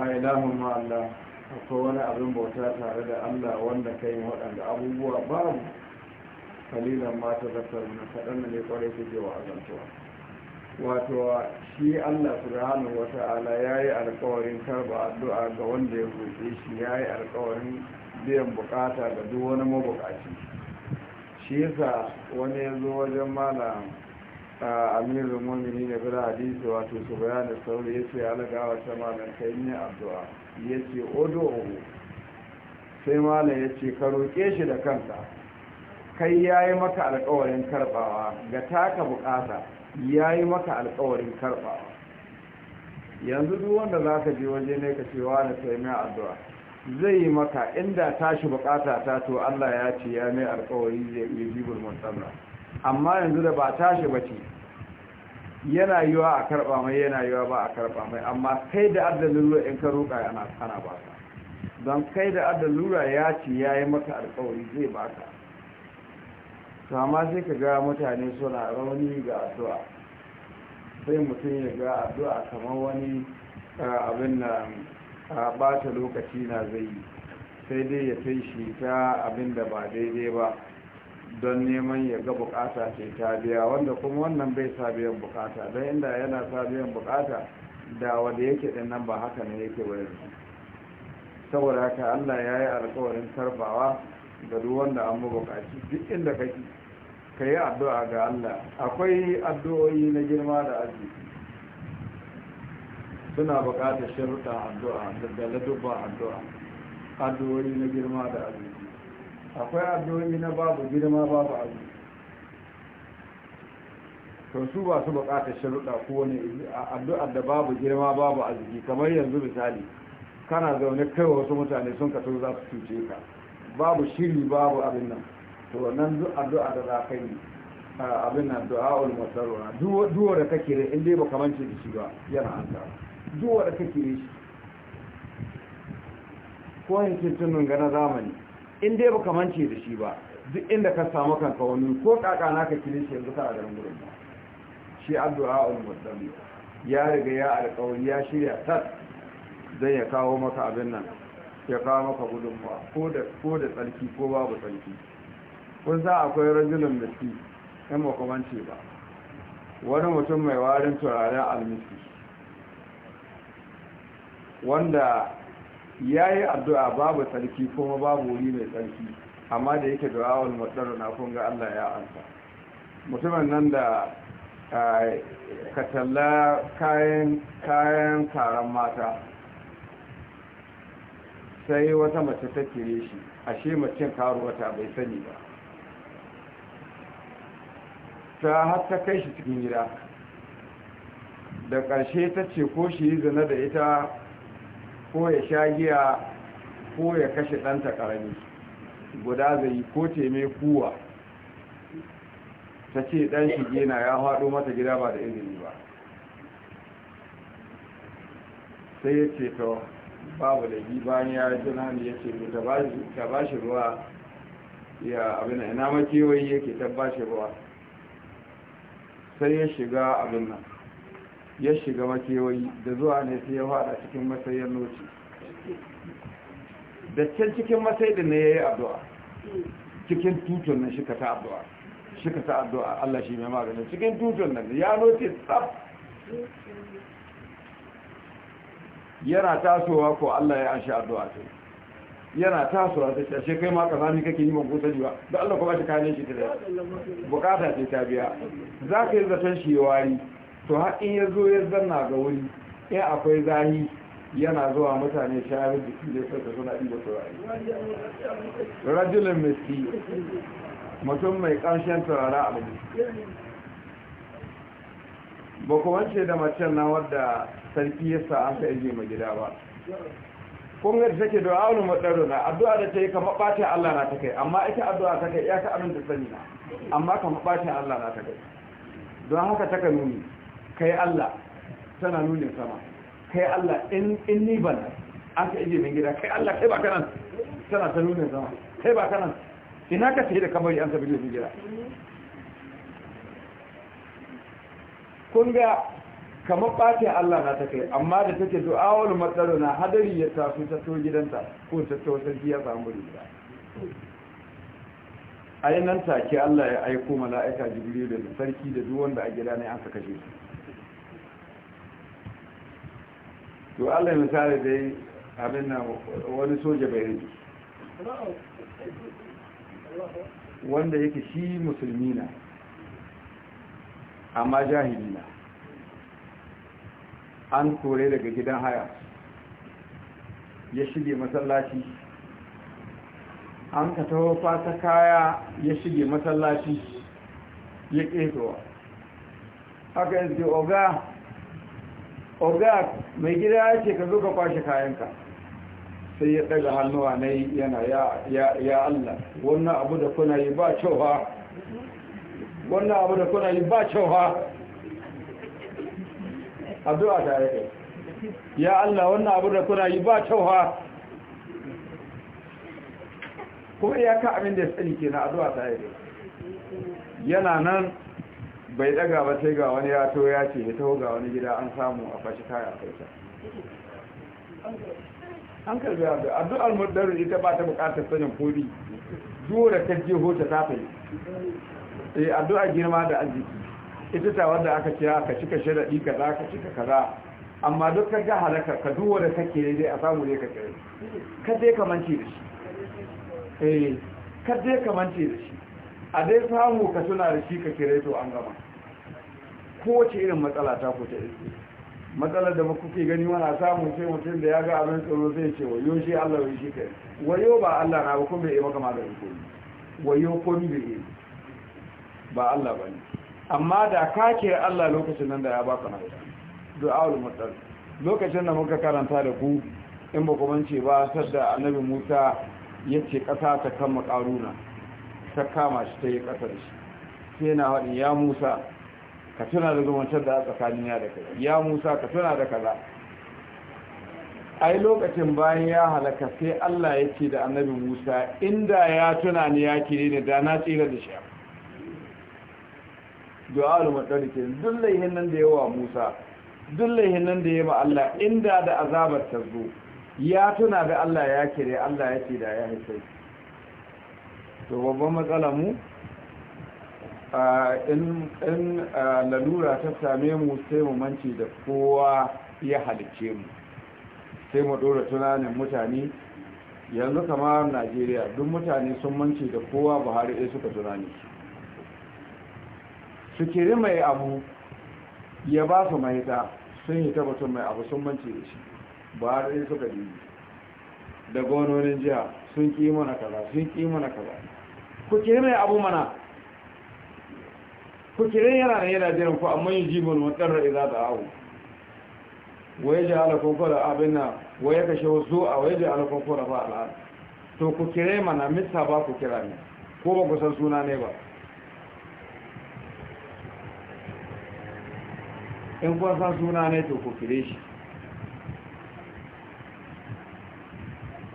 a ilahun Allah. akwai wani abin bauta tare da allah wanda ka yi waɗanda abubuwa babu kalilan mata zartar na kaɗan ne kwarai kuke wa azantuwa wato shi allah subhanahu wa ta'ala ya yi alkawarin karba addu'a ga wanda ya roƙe shi ya yi alkawarin biyan bukata ga duk wani mabukaci shi yasa wani ya zo wajen malam amirin Wani ne bira hadisi wato su bayani sauri ya ce alagawa ta malam kai ne addu'a ya ce odo sai malam ya ce ka roƙe shi da kanta. kai ya yi maka alkawarin karɓawa ga taka bukata ya yi maka alkawarin karɓawa yanzu duk wanda za ka je waje ne ka ce wa da sai mai addu'a zai yi maka inda tashi bukata ta to Allah ya ce ya mai alkawari zai yi jibul mutsalla amma yanzu da ba tashi ba ce yana yiwa a karɓa mai yana yiwa ba a karɓa mai amma kai da adda lura in ka roƙa yana ana ba ka don kai da adda lura ya ce ya yi maka alƙawari zai ba ka to amma sai ka ga mutane suna rauni ga addu'a sai mutum ya ga addu'a kamar wani abin na bata lokaci na zai yi sai dai ya kai shi ta abin da ba daidai ba don neman ya ga bukata ce ta biya wanda kuma wannan bai sa bukata don inda yana sa bukata da wanda yake din nan ba haka ne yake wayar saboda haka Allah ya yi alkawarin karbawa ga duk wanda an bukaci duk inda kake ka yi addu'a ga Allah akwai addu'o'i na girma da arziki suna bukatar sharuɗa addu'a da ladubban addu'a addu'o'i na girma da arziki akwai addu'o'i na babu girma babu abu to su ba su bukata sharuɗa ko wani addu'ar da babu girma babu arziki kamar yanzu misali kana zaune kai wasu mutane sun ka za su cuce ka babu shiri babu abin nan to wannan duk addu'a da za ka yi ah, abin nan du'a'ul masarura duwa da kake da inda ba kamance da shi ba yana an ta duwa da kake da shi ko yankin tunan ga na zamani in dai baka mance da shi ba duk inda ka samu kanka wani ko kaka na ka kire shi yanzu ka garin gurin ba shi addu'a ul muddam ya riga ya alƙawari ya shirya tat zai ya kawo maka abin nan ya kawo maka gudunmuwa ko da ko da tsarki ko babu tsarki kun sa akwai rajulun shi in ba ka ba wani mutum mai warin turaren almisi wanda ya yi addu'a babu tsarki kuma babu wuri mai tsarki amma da yake du'awar matsar na kun Allah ya ansa mutumin nan da katalla kayan kayan taron mata sai wata mace ta kire shi ashe karu karuwata bai sani ba ta hatta kai shi cikin gida da ƙarshe ta ce ko shi zina da ita ko ya sha giya ko ya kashe ɗanta ƙarami guda zai ko mai kuwa ta ce ɗan shige na ya haɗo mata gida ba da izini ba sai ya ce to babu da ne ya yi tunani ya ce ta ba shi ruwa ya abin ina makewayi yake ta ba shi ruwa sai ya shiga abin nan ya shiga makewayi da zuwa ne sai ya fada cikin matsayin noci da can cikin masayin ne ya yi addu'a cikin tutun nan shika ta addu'a shika ta addu'a Allah shi mai maganin cikin tutun nan ya noci tsaf yana tasowa ko Allah ya ashe addu'a ta yana tasowa ta ce kai ma ka ni kake yi ban kusa jiwa da Allah kuma shi kayan shi ta da bukata ce ta biya za ka yi zaton shi wari to har in ya zo ya zanna ga wuri in akwai zahi yana zuwa mutane shayar da jiki da suka suna inda turare rajulun miski mutum mai ƙanshen turare a wani ba kuma ce da macen na wadda sarki ya sa an sa ije mai gida ba kun yadda take da wani matsaro na addu'a da ta yi kama ɓata allah na ta kai amma ita addu'a ta kai ya ka amince sani na amma kama ɓata allah na ta kai don haka ta ka nuni kai Allah tana nuna sama kai Allah in ni ban aka ije min gida kai Allah kai ba kanan tana ta nuna sama kai ba kanan ina ka sai da kamari an sabi nufin gida kun ga kamar ɓace Allah na ta kai amma da take wani matsalo na hadari ya tafi ta to gidanta ko ta to sarki ya samu gida. a yi nan take Allah ya aiko mala'ika jibril da sarki da duk wanda a gida ne an ka kashe su to allah misali dai abin nan wani soja bai rage wanda yake shi musulmi na amma jahili na an kore daga gidan haya ya shige masallaci an ka taho fata kaya ya shige masallaci ya ƙetowa haka yanzu oga oga mai gida ya ce ka zo ka kwashe kayanka sai ya daga hannuwa na yana ya Allah wannan abu da kuna yi ba cewa wannan abu da kuna yi ba cewa addu'a tare ya Allah wannan abu da kuna yi ba cewa kuma ya ka abin da ya tsani ke na addu'a tare yana nan bai daga ba sai ga wani ya to ya ce ya taho ga wani gida an samu a fashi kaya kai ta an karbi addu'a addu'ar mudaru ita ba ta bukatar sanin kodi dole ta je hota ta fai eh addu'a girma da arziki ita ta wanda aka ce ah, ka cika sharadi kaza ka cika kaza amma duk ka ga halaka ka duwa da kake ne dai a samu ne ka kai ka dai manci da shi eh ka dai manci da shi a dai samu ka tuna da shi ka kire to an gama kowace irin matsala ta ku iske matsalar da kuke gani wana samun sai mutum da ya ga abin tsoro zai ce wayo shi Allah wai shi kai wayo ba Allah na ba kuma bai maka maganin komi wayo komi bai yi ba Allah ba ne amma da kake Allah lokacin nan da ya baka na wuta du'a'ul matsal lokacin da muka karanta da ku in ba kuma ce ba sadda annabi Musa ya ce kasa ta kama karuna ta kama shi ta yi kasar shi sai na haɗin ya Musa ka tuna da zumuntar da aka tsakanin ya da kai ya musa ka tuna da kaza ai lokacin bayan ya halaka sai allah ya ce da annabi musa inda ya tuna ni ya kire ni da na tsira da shi du'a'ul mutarike duk laihin nan da yawa musa duk hinnan nan da yawa allah inda da azabar ta zo ya tuna da allah ya kire allah ya ce da ya haifai to babban matsalar mu in lalura ta same mu sai mu manci da kowa ya halice mu sai mu ɗora tunanin mutane yanzu kamar najeriya duk mutane sun manci da kowa buhari ɗaya suka tunani su kiri mai abu ya ba su mahita sun yi tabbatun mai abu sun manci da shi buhari ɗaya suka dini da gononin jiha sun ƙi mana kaza sun ƙi mana kaza ku kiri mai abu mana ku kiran yana ne yana jiran ku amma yujibul mutarra idza da'u wa yaj'alukum kula abinna wa yakshawu ji wa yaj'alukum ba fa'al to ku kire mana misa ba ku kira ne ko ba ku san suna ne ba in kun san suna ne to ku kire shi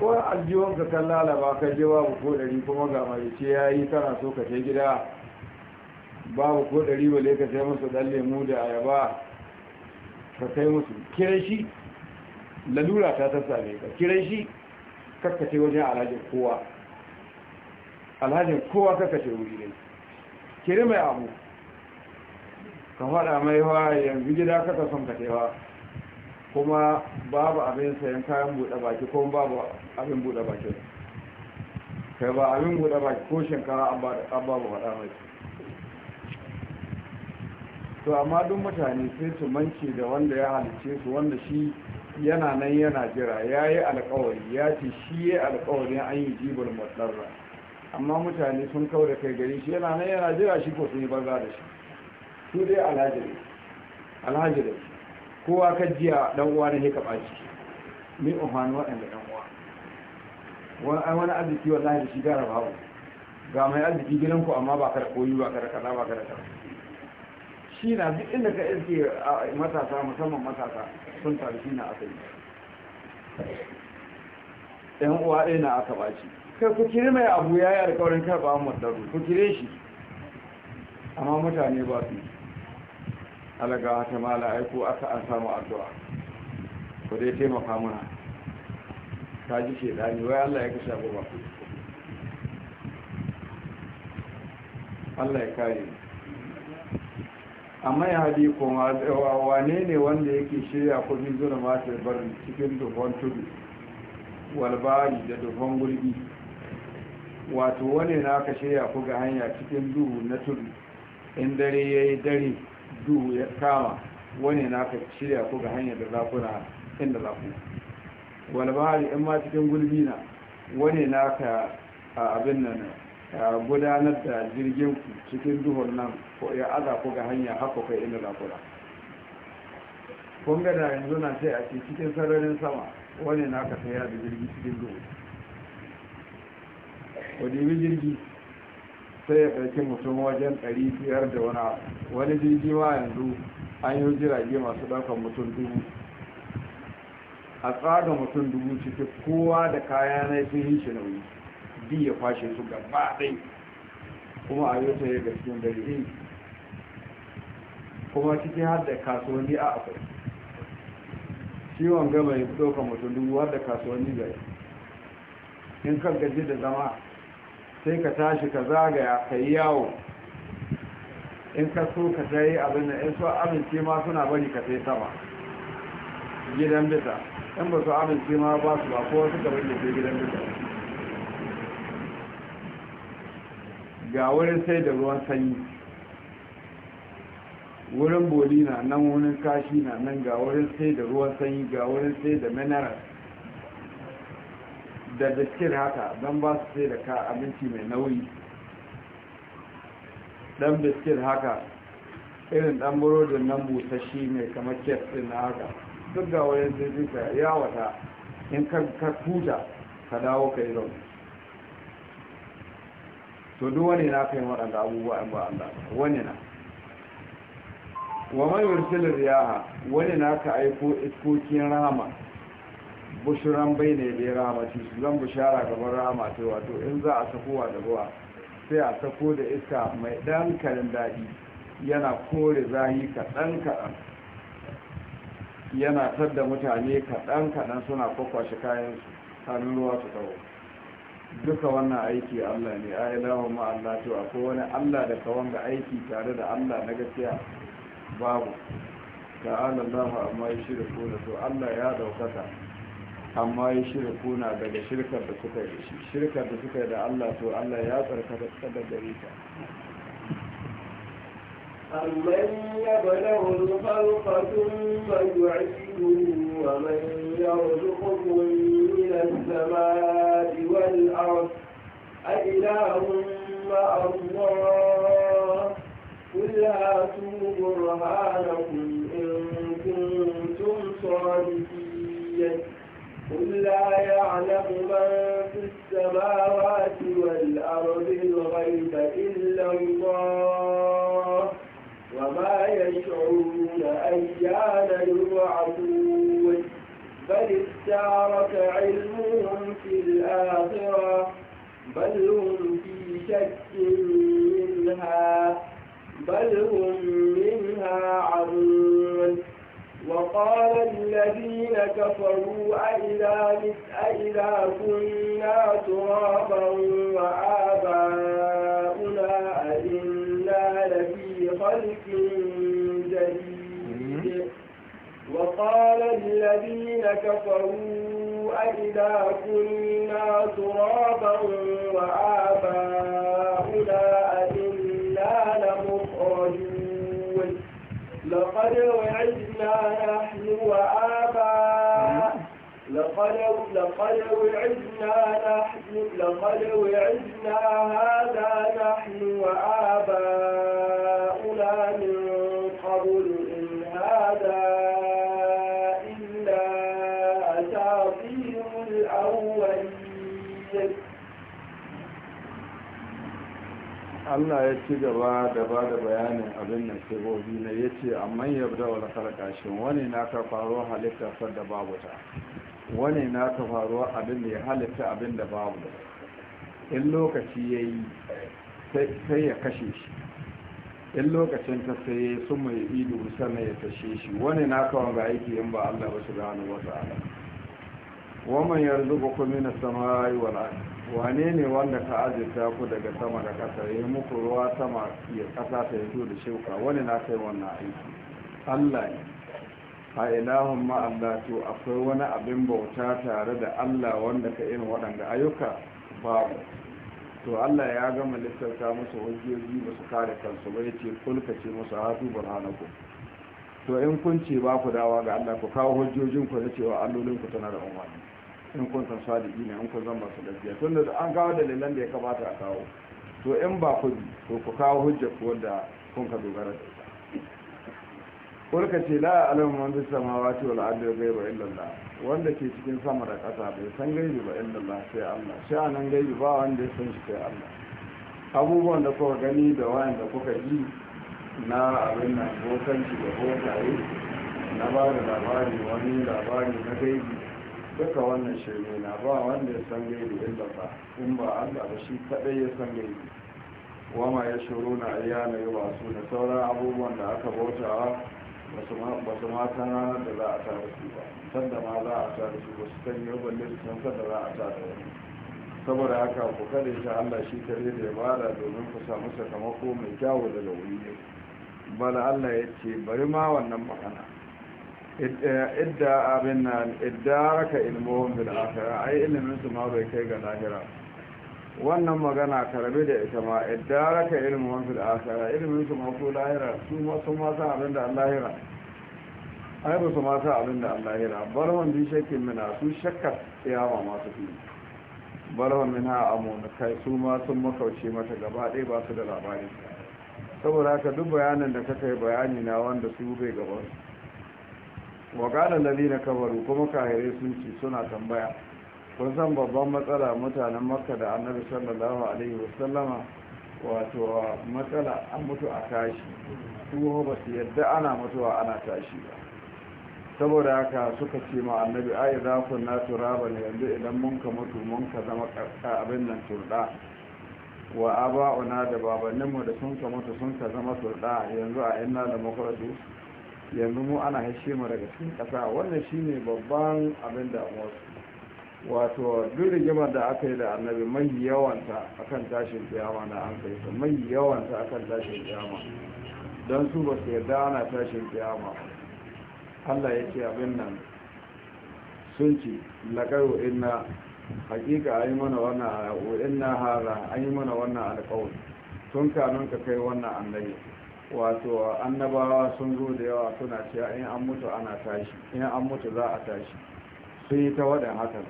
ko aljiwon ka kan lalaba ka je ba ko dari kuma ga mai ce ya yi kana so ka je gida babu ko ɗari bale ka sai musu ɗan lemu da ayaba ka kai musu kiran shi lalura ta ta same ka kiran shi kakkace wajen alhajin kowa alhajin kowa kakkace wuri ne kiri mai abu ka faɗa mai wa yanzu gida kaka son ka taiwa kuma babu abin sayan kayan buɗe baki ko babu abin buɗe baki kai ba abin buɗe baki ko shinkawa an babu faɗa mai to amma duk mutane sai su mance da wanda ya halice su wanda shi yana nan yana jira ya yi alkawari ya ce shi ya alkawari an yi jibar matsarra amma mutane sun kawo da kai gari shi yana nan yana jira shi ko sun yi banza da shi su dai alhajirai alhajirai kowa ka jiya dan uwa ne ka baci min umarni waɗanda dan uwa wani arziki wallahi da shi gara babu ga mai arziki gidanku amma ba ka da koyi ba ka da ba ka da shi na duk inda ka iske matasa musamman matasa sun taru shi na asali yan uwa ɗaya na aka ɓaci. kai ku kiri mai abu ya yi alkawarin karɓa da ku kire shi amma mutane ba su alaga ta mala aiko aka an samu addu'a ku dai taimaka mana ta ji dani wai allah ya kashe ku Allah ya kare amma ya haɗi kuma wane ne wanda yake shirya kudin zuwa masu bar cikin dufan tudu walbari da dufan gulbi wato wane na ka shirya kuga hanya cikin duhu na tudu in dare ya yi dare duhu ya kama wane na ka shirya kuga hanya da zakuna inda zaku walbari in ma cikin gurbi na wane na ka abin nan gudanar da jirgin cikin duhun nan ko ya aza ku ga hanya haka kai inda za ku kun ga da yanzu na sai a ce cikin sararin sama wani na ka saya da jirgi cikin duhu ku dibi jirgi sai ya ɗauki mutum wajen ɗari biyar da wani wani jirgi ma yanzu an yi jirage masu ɗaukar mutum dubu a tsada mutum dubu ciki kowa da kaya na sun yi shi nauyi bi ya kwashe su gaba ɗai kuma a yau ta yi gaskiyar dare eh, kuma cikin har da kasuwanni a akwai ciwon gama ya ɗaukar mutum dubu har da kasuwanni gari in kan gaji da zama sai ka tashi ka zagaya ka yi yawo in ka so ka ta yi abin da in so amince ma suna bari ka sai sama gidan bisa in ba su amince ma ba su ba ko wasu gaban da sai gidan bisa ga wurin sai da ruwan sanyi wurin boli na nan wurin kashi na nan ga wurin sai da ruwan sanyi ga wurin sai da mineral da biskit haka don ba su sai da ka abinci mai nauyi dan biskit haka irin dan burodin nan busashi mai kamar kef din na haka duk ga wurin sai ka yawata in ka kuta ka dawo ka yi rauni to duk wani na kai waɗanda abubuwa in ba Allah wani na wa mai wurfil riyaha wani na ka aiko iskokin rama bushiran bai ne bai rama ce su zan bushara gaban rama ta wato in za a sakowa da ruwa sai a sako da iska mai dan karin daɗi yana kore zahi kaɗan kaɗan yana da mutane kaɗan kaɗan suna kwakwashe kayan kanin ruwa su kawo duka wannan aiki allah ne a ilahu ma'allah cewa ko wani allah da kawon ga aiki tare da allah na gaskiya babu ta'ala Allah amma ya shirya kuna to Allah ya daukaka amma ya shirya kuna daga shirkar da suka yi shi shirkar da suka yi da Allah to Allah ya tsarkata sadar da ita أمن يبلغ الخلق ثم يعيده قل هاتوا برهانكم إن كنتم صادقين قل لا يعلم من في السماوات والأرض الغيب إلا الله وما يشعرون أيان يبعثون بل استعرك علمهم في الآخرة بل هم في شك منها بل هم منها عمون وقال الذين كفروا أئذا كنا ترابا وآباؤنا أئنا لفي خلق جديد وقال الذين كفروا أئذا كنا ترابا وآباؤنا أئنا لقد وعدنا نحن وآباء لقد لقد وعدنا نحن لقد وعدنا هذا نحن وآباؤنا من قبل allah ya ci gaba da ba da bayanin abin nan sigobi na ya ce amma bada wani karkashin wani na ta faruwa halitta da babu ta wani na ta faruwa abin da ya halitta abin da babu in lokaci ya yi sai ya kashe shi in lokacin ta sai ya sun mai ido sannan ya tashe shi wani na kawon ga aiki in ba allah ba shi gano wata ala waman yanzu ba kuma na samari wal'adu wane ne wanda ka azirta ku daga sama da kasa ya yi muku ruwa sama ya kasa ta yi da shauka wani na kai wannan aiki allah ne a ilahun ma'allah akwai wani abin bauta tare da allah wanda ka irin waɗanda ayyuka babu to allah ya gama lissafta musu hujjoji ba su kare kansu ba ya ce kulka ce musu hatu burhanaku to in kun ce ba ku dawa ga allah ku kawo hujjojinku na cewa allolinku tana da umarni in kun san sadiki ne in kun zan masu gaskiya tunda da an kawo dalilan da ya kamata a kawo to in ba ku bi to ku kawo hujja ku wanda kun ka dogara da ita kurka ce la alamu man bi samawati wal ardi wa illa Allah wanda ke cikin sama da kasa bai san gaibi ba sai Allah sai Allah sha'anan gaibi ba wanda ya san shi sai Allah abubuwan da kuka gani da wayan da kuka ji na abin nan kanki da bokaye na ba da labari wani labari na gaibi duka wannan shirme na ba wanda ya san gaibi inda ba in ba allah ba shi kadai ya san gaibi wama ya shuru na na yi wasu da sauran abubuwan da aka bautawa ba su matan ranar da za a tara su ba sanda ma za a tara su ba su san yi ne su san sanda za a tara wani saboda haka ku kada shi allah shi kare da ya bada domin ku samu sakamako mai kyawu daga wuri ne bala allah ya ce bari ma wannan magana idda abin na idda raka bil akhirah ai ilmin su ma bai kai ga lahira wannan magana karbe da ita ma idda raka bil akhirah ilmin su ma ko lahira su ma su ma san abin da lahira ai ba su ma sa abin da lahira barhum bi shakkin mina su shakka kiyama ma su fi barhum minha amun kai su ma sun makauce mata gaba ɗaya ba su da labari saboda haka duk bayanin da kaka yi bayani na wanda su bai gaban su wa lalli na kabaru kuma kahire sun ci suna tambaya kun san babban matsala mutanen makka da annabi sallallahu alaihi wasallama wato matsala an mutu a tashi kuma ba su yadda ana mutuwa ana tashi ba saboda haka suka ce ma annabi ayi za ku na turaba ne yanzu idan mun ka mutu mun ka zama karka abin nan turda wa aba'una da babanninmu da sun ka mutu sun ka zama turda yanzu a ina da makaratu yanzu mu ana haishe mu daga cikin kasa wannan shine babban abin wasu wato duk rigimar da aka yi da annabi mai yawanta akan tashin kiyama na an kai su mai yawanta akan tashin kiyama don su ba su yarda ana tashin kiyama allah ya ce abin nan sun ci laƙar inna hakika an yi mana wannan inna hara an yi mana wannan alƙawar tun kanun ka kai wannan annabi wato annabawa sun zo da yawa suna cewa in an mutu ana tashi in an mutu za a tashi sun yi ta waɗin hakan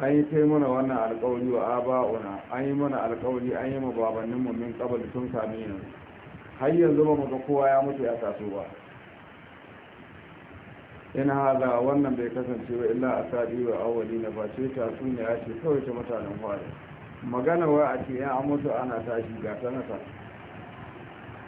an yi kai mana wannan alƙawari wa aba'una an yi mana alƙawari an yi ma babanninmu min ƙabal sun sami yanzu har yanzu ba ga kowa ya mutu ya taso ba in haza wannan bai kasance ba illa a sadi wa awali na ba ce ta ya ce kawai ta mutanen fara magana wa a ce ya an mutu ana tashi ga sanata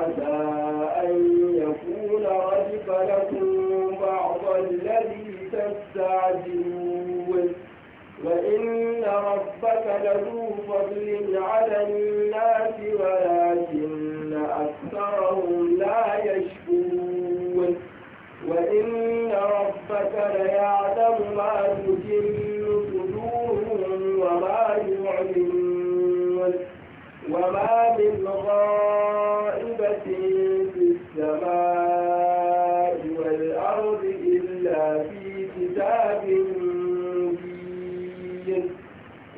عسى أن يكون ردف لكم بعض الذي تستعجلون وإن ربك لذو فضل على الناس ولكن أكثرهم لا يشكرون وإن ربك ليعلم ما تجن صدورهم وما يعلنون وما من غار السماء والأرض إلا في كتاب مبين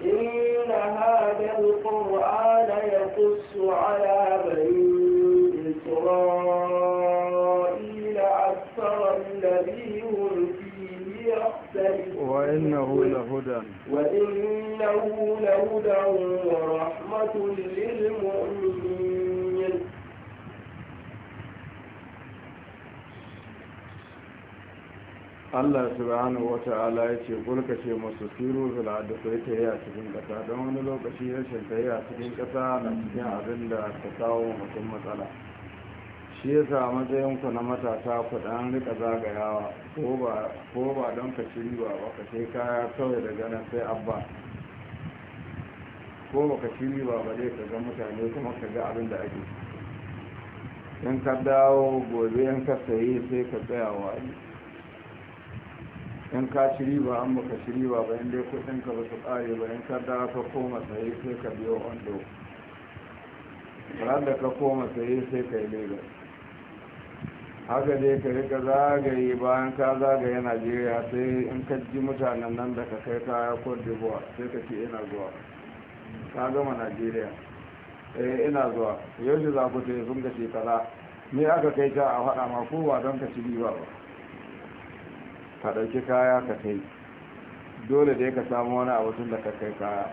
إن هذا القرآن يقص على بني إسرائيل أكثر الذي هم فيه يختلفون وإنه لهدى وإنه لهدى ورحمة للمؤمنين allah subhanahu wa ta'ala ya ce kulka ce masu firu zula da kai ta yi a cikin ƙasa don wani lokaci rashin ta yi a cikin ƙasa na cikin abin da ta kawo mutum matsala shi ya yasa matsayinku na matasa ku ɗan rika zagayawa ko ba don ka ci riba ba ka sai kaya kawai daga nan sai abba ko ba ka ci riba ba dai ka ga mutane kuma ka ga abin da ake in ka dawo gobe in ka sayi sai ka tsaya wa'adi in ka shiri riba an baka shiri riba ba bayan dai kudin ka ba su kare ba in ka da ka koma tsaye sai ka biyo ondo ran da ka koma tsaye sai ka yi lagos haka dai ka rika zagaye bayan ka zagaye najeriya sai in ka ji mutanen nan da ka kai kaya ko d'ivoire sai ka ce ina zuwa ka gama najeriya eh ina zuwa yau shi za ku ce sun ka shekara ne aka kai ta a faɗa ma ko ba don ka ci riba ba ka ɗauki kaya ka kai dole da ya ka samu wani abu tun da ka kai kaya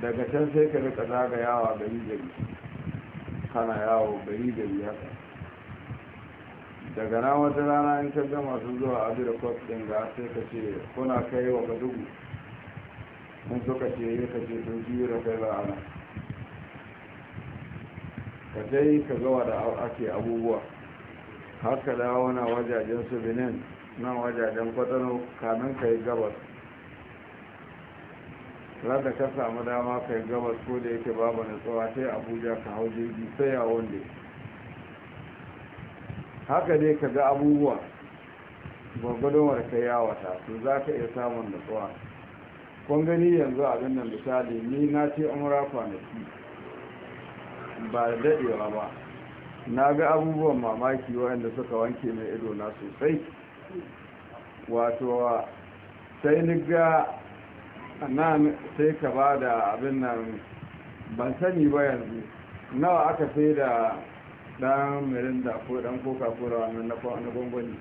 daga can sai ka rika yawa gari gari kana yawo gari gari haka daga na wata rana in ka gama sun zuwa abu da kwas ɗin ga sai ka ce kuna kai wa dubu in suka ce yi ka ce sun biyu da kai ra'ana ka dai ka gawa da ake abubuwa har ka dawo na wajajen su benin nan wajajen kwatano kamin ka yi gabas rada ka samu dama ka yi gabas ko da yake babu nutsuwa sai abuja ka hau jirgi sai a wande haka dai ka ga abubuwa ka yi yawata to za ka iya samun nutsuwa kun gani yanzu abin nan misali ni na ce umra kwanaki ba da daɗewa ba na ga abubuwan mamaki waɗanda suka wanke mai ido na sosai wato sai niga nan sai ka ba da abin nan ban sani ba yanzu nawa aka sai da dan mirinda ko dan ko cola wannan na kwanan gwangwani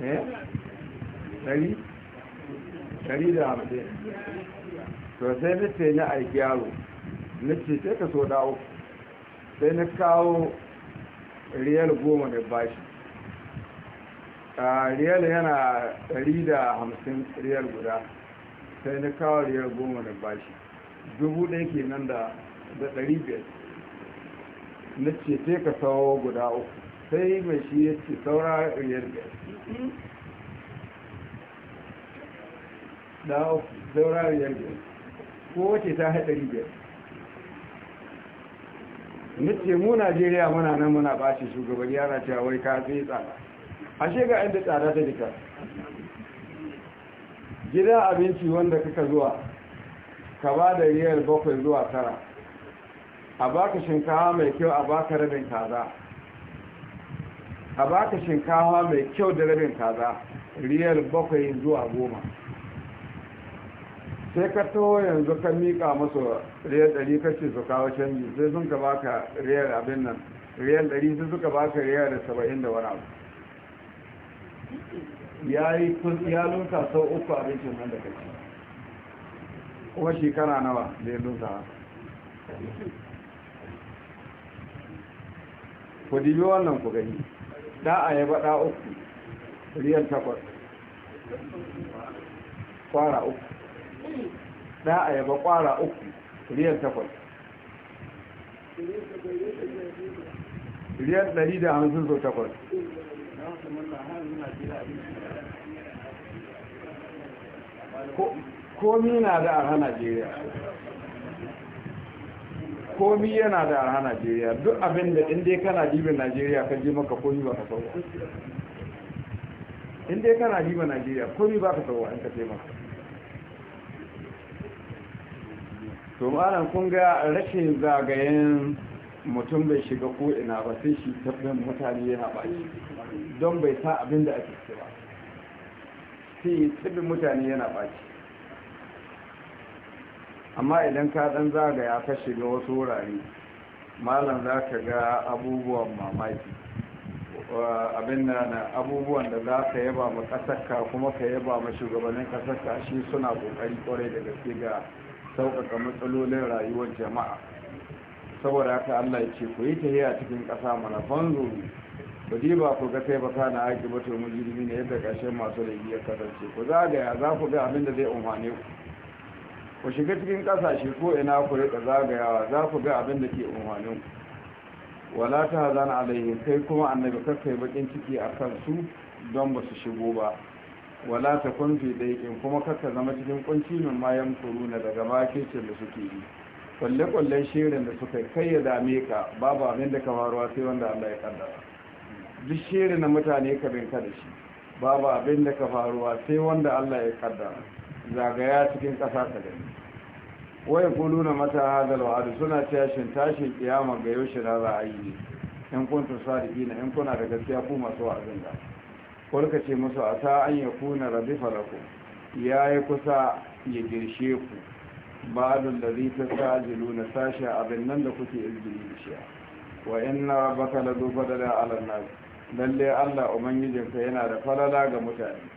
eh dari dari da hamsin to sai na ce na aiki yaro na ce sai ka so da uku sai na kawo riyal goma da bashi riyal yana 150 riyal guda sai na kawo riyal goma da bashi dubu ɗaya ke nan da 500 na ce sai ka sawo guda uku sai mai shi ya ce saura riyal biyar da uku saura riyal biyar ko wace ta haɗari biyar na ce mu najeriya muna nan muna bashi shugabanni yana cewa wai ka tsaye tsada ashe ga inda tsada da dika gida abinci wanda kika zuwa ka ba da riyar bakwai zuwa tara a baka shinkawa mai kyau a baka rabin kaza a baka shinkawa mai kyau da rabin kaza riyar bakwai zuwa goma sai ka taho yanzu ka miƙa masu riyar ɗari kashi su kawo canji sai sun ka baka riyar abin nan riyar ɗari sai suka baka riyar da saba'in da wani abu ya yi ya lunsa sau uku abincin nan da kake kuma shekara nawa da ya lunsa ku dibi wannan ku gani da a yaba da uku riyal takwas kwara uku da a yaba kwara uku riyal takwas riyal 158 komi na da arha najeriya komi yana da arha najeriya duk abin da inda kana jibin najeriya kan je maka komi ba ka sauwa inda kana jibin najeriya komi ba ka sauwa in ka je maka to malam kun ga rashin zagayen mutum bai shiga ko'ina ba sai shi tabbin mutane yana baki don bai sa abin da ake ba sai tabbin mutane yana baki amma idan ka dan zagaya ka shiga wasu wurare malam za ka ga abubuwan mamaki abin da na abubuwan da za ka yaba ma kasarka kuma ka yaba ma shugabannin kasarka shi suna kokari kwarai da gaske ga sauƙaƙa matsalolin rayuwar jama'a saboda haka Allah ya ce ku yi tahiya cikin ƙasa mana Ba ku ba ku ga kai ka na aiki ba batul ji ne yadda kashe masu da ya kasance ku zagaya za ku ga abin da zai umfane ku ku shiga cikin ƙasashe ko ina ku rika zagayawa za ku ga abin da ke umfane ku wala ta hazan alaihi kai kuma annabi kakkai bakin ciki a kan su don ba su shigo ba wala ta kun fi kuma kakka zama cikin kunci min mayan kuru na daga bakin da suke yi kwalle-kwallen shirin da suka kai ya dame ka babu abin da ka faruwa sai wanda Allah ya kaddara duk shirin na mutane ka bin da shi babu abin da ka faruwa sai wanda Allah ya kaddara zagaya cikin ƙasa ka gani wai kulu na mata hadal wa'adu suna tashin tashin kiyama ga yaushe na ra'ayi ne in kun sa da gina in kuna da gaskiya ku masu wa'azin da kulka ce musu a ta an ya kuna rabi falaku ya yi kusa ya girshe ku ba'adun da zai ta sajilu na sashi abin nan da kuke izini da shi wa baka rabbaka la da fadala ala nas lalle Allah ka yana da falala ga mutane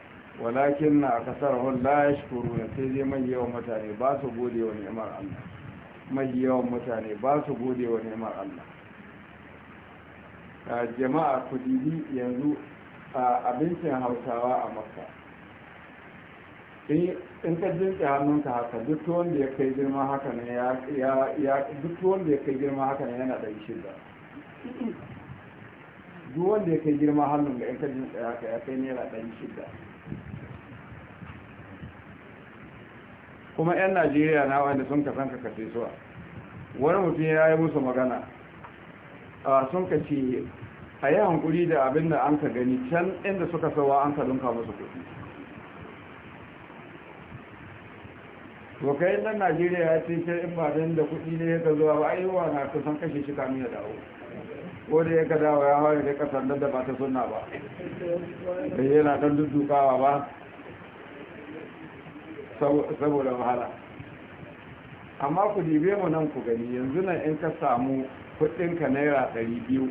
walakin na akasarhum kuru na sai zai mai yawan mutane ba su gode wa ni'mar Allah mai yawan mutane ba su gode wa ni'mar Allah jama'a ku yanzu a abincin Hausawa a Makka in ka jinke hannunka haka duk wanda ya kai girma haka ne ya duk wanda ya kai girma haka ne yana ɗari shida duk wanda ya kai girma hannun ga in ka jinke haka ya kai naira ɗari shida kuma 'yan najeriya na wanda sun kasan ka kashe suwa wani mutum ya yi musu magana a sun kace a yi hankuri da abin da an ka gani can inda suka sawa an ka dunka musu kuɗi to kai nan najeriya ya ce sai in ba don da kuɗi ne ya zuwa ba ayyuwa na kusan kashe shi kamun ya dawo ko da ya ka dawo ya hawa da kasar da ba ta sunna ba da yana ɗan ba saboda wahala amma ku dibe mu nan ku gani yanzu nan in ka samu ka naira ɗari biyu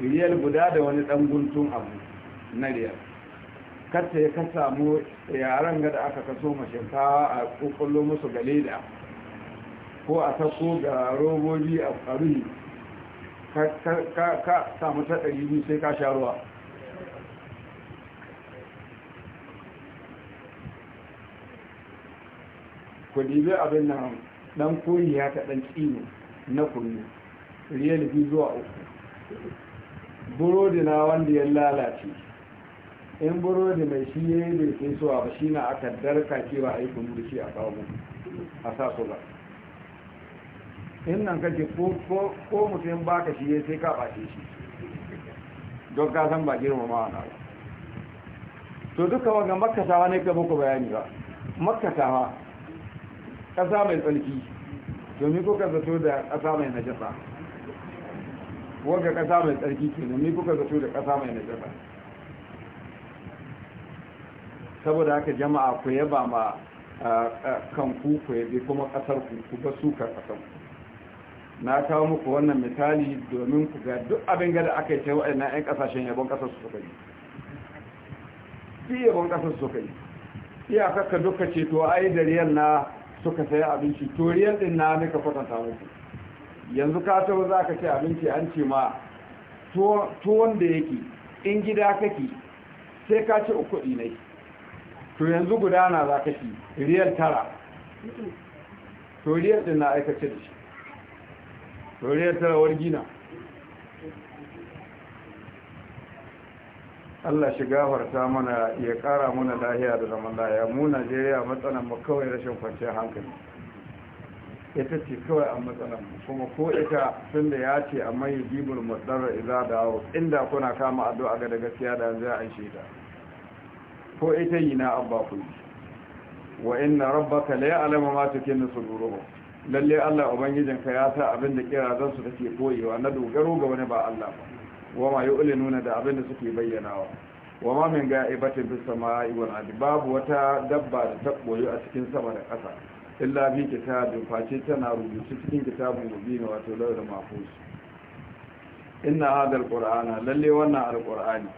riyal guda da wani ɗan guntun abu na riyal karta ya ka samu yaran da aka kaso mashinkawa a kukullo musu ga leda ko a sako ga robobi a ƙaruni ka samu ta ɗari biyu sai ka sha ruwa ku abin nan ɗan koyi ya ta ɗan ƙino na kunu riyal biyu zuwa uku burodi na wanda ya lalace in burodi mai shi ya yi bai suwa ba shi na aka darka cewa a yi kunu shi a kawo a sa su ba in nan kake ko mutum ba ka shi ya sai ka ɓace shi don ka san ba girma ma wana ba to duka wanga makasawa ne ka muku bayani ba makasawa ƙasa mai tsarki domin kuka zato da ƙasa mai najasa wanga ƙasa mai tsarki ke domin kuka zato da ƙasa mai najasa saboda haka jama'a ku yaba ma kanku ku yabe kuma kasar ku ku ba su ka kasar na kawo muku wannan misali domin ku ga duk abin gada aka yi ta ina 'yan kasashen yabon kasar su suka yi fi yabon kasar suka yi ka duka ce to ai da riyal na suka sayi abinci to riyal din na ne ka kwatanta muku yanzu ka ba za ka ce abinci an ce ma to wanda yake in gida kake sai ka ce uku ne to yanzu gudana za ka fi riyar tara to riyar din na aikace da shi to riyar tara wargina Allah shi gafarta mana ya kara mana lahiya da zaman lahiya mu Najeriya matsalan mu kawai rashin kwanciyar hankali ita ce kawai a matsalan kuma ko ita tun da ya ce a yi bibul mutsar iza da inda kuna kama addu'a ga da gaskiya da zai an shaida ko ita yi na an ba ku yi wa inna rabbaka la ya'lamu ma tukinnu suduruhum lalle Allah ka ya sa abin da kirazan su ke koyewa na dogaro ga wani ba Allah ba wa ma nuna da abin da suke bayyanawa wa ma min ga'ibatin fis sama'i wal ardi babu wata dabba da ta koyo a cikin sama da ƙasa illa bi kitabin face tana rubutu cikin kitabun mubin wato lawal mahfuz inna hadha alqur'ana lalle wannan alqur'ani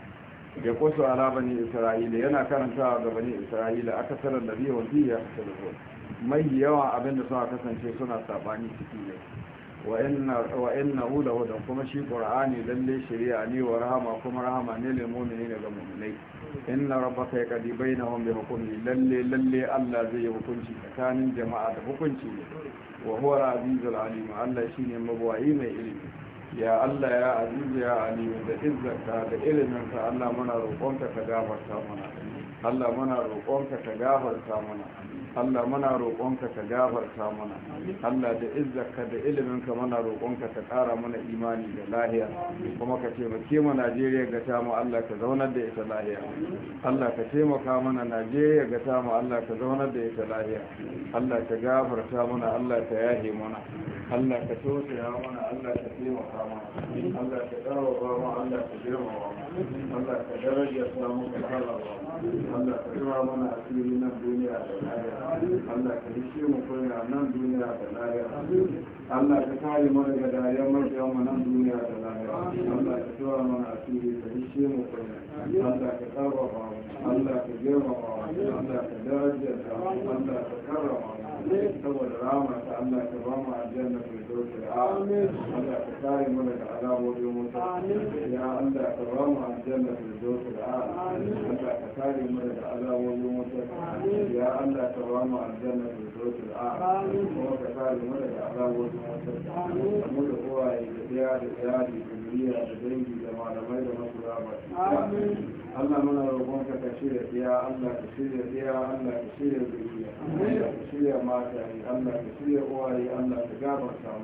ya kusa ala bani isra'ila yana karanta ga bani isra'ila aka sanar da biyu wani ya kusa da mai yawa abinda suka kasance suna sabani ciki ne wa inna hu da kuma shi qur'ani lalle shari'a ne wa rahama kuma rahama ne lil ne ga mu'minai inna kadi bai na bi hukmi lalle lalle Allah zai yi hukunci tsakanin jama'a da hukunci ne wa huwa al-azizul Allah shine mabuwayi mai ilimi ya Allah ya azizu ya aliyu da izzarka da iliminka Allah muna roƙonka ka gafarta mana Allah muna roƙonka ka gafarta mana Allah muna roƙonka ka gafarta mana Allah da izzarka da iliminka muna roƙonka ka ƙara mana imani da lahiya kuma ka taimake mu Najeriya ga ta mu Allah ka zaunar da ita lahiya Allah ka taimaka mana Najeriya ga ta mu Allah ka zaunar da ita lahiya Allah ka gafarta mana Allah ka yahe mana Allah ka tausaya mana Allah ka taimaka mana Allah ka dawo ba mu Allah ka girmama mu Allah ka daraja samu ka halala Allah ka tura mana asiri na duniya da lahiya Allah ka hishe mu koya nan duniya da lahira Allah ka kare mu daga dariyar mafiyan mu nan duniya da lahira Allah ka tura mana asiri ka hishe mu koya Allah ka karfafa mu Allah ka girmama mu Allah ka darajar mu Allah ka karrama mu saboda rahama ta Allah ka ba mu aljanna Allah ka kare mana da azabobi mota ya Allah ka ba mu aljanna da zoto ka ya da kuma mana da da da da da da dangi da malamai da shirya ɗaya Allah ka shirya ɗaya Allah ka shirya zuriya Allah ka shirya mata Allah ka shirya uwaye Allah ka gabarta mu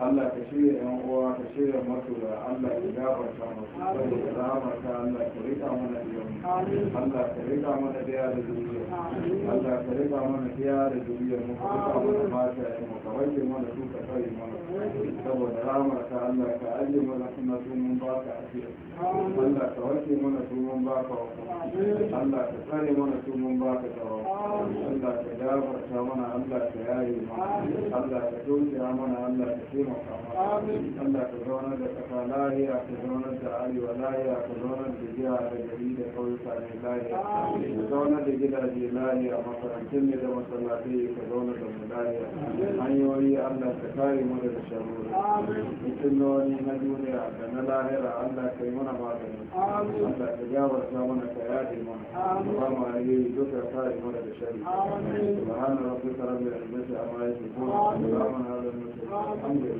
Allah ka shirya yan uwa ka shirya masu da Allah ka gafarta musu da rahamarka Allah ka rika mana biyan Allah ka rika mana biya da duniya Allah ka rika mana biya da duniya mu ka rika mana mata ya mu ka wanke mana su ka tsare mana saboda rahamarka Allah ka aje mana kuma su mun ba ka afiya Allah ka wanke mana su mun ba ka Allah ka tsare mana su mun ba ka tsaro Allah ka gafarta mana Allah ka yaye mana Allah ka dunke mana Allah ka shirya amin Allah ka zaunar da ƙasa lahiya ka zaunar da arewa lahiya ka zaunar da jiya da gari da kauyuka ne lahiya ka zaunar da gidaje lahiya makarantun ne da masallatai ka zaunar da mu lahiya hanyoyi Allah ka kare mu daga sharuri mutunoni na duniya da na lahira Allah ka yi mana magani Allah ka gabarta mana ka yaɗe mana ba ma yi duka kare mu daga sharri subhana rabbika rabbil izzati amma yake yasifun wa salamun ala al-mursalin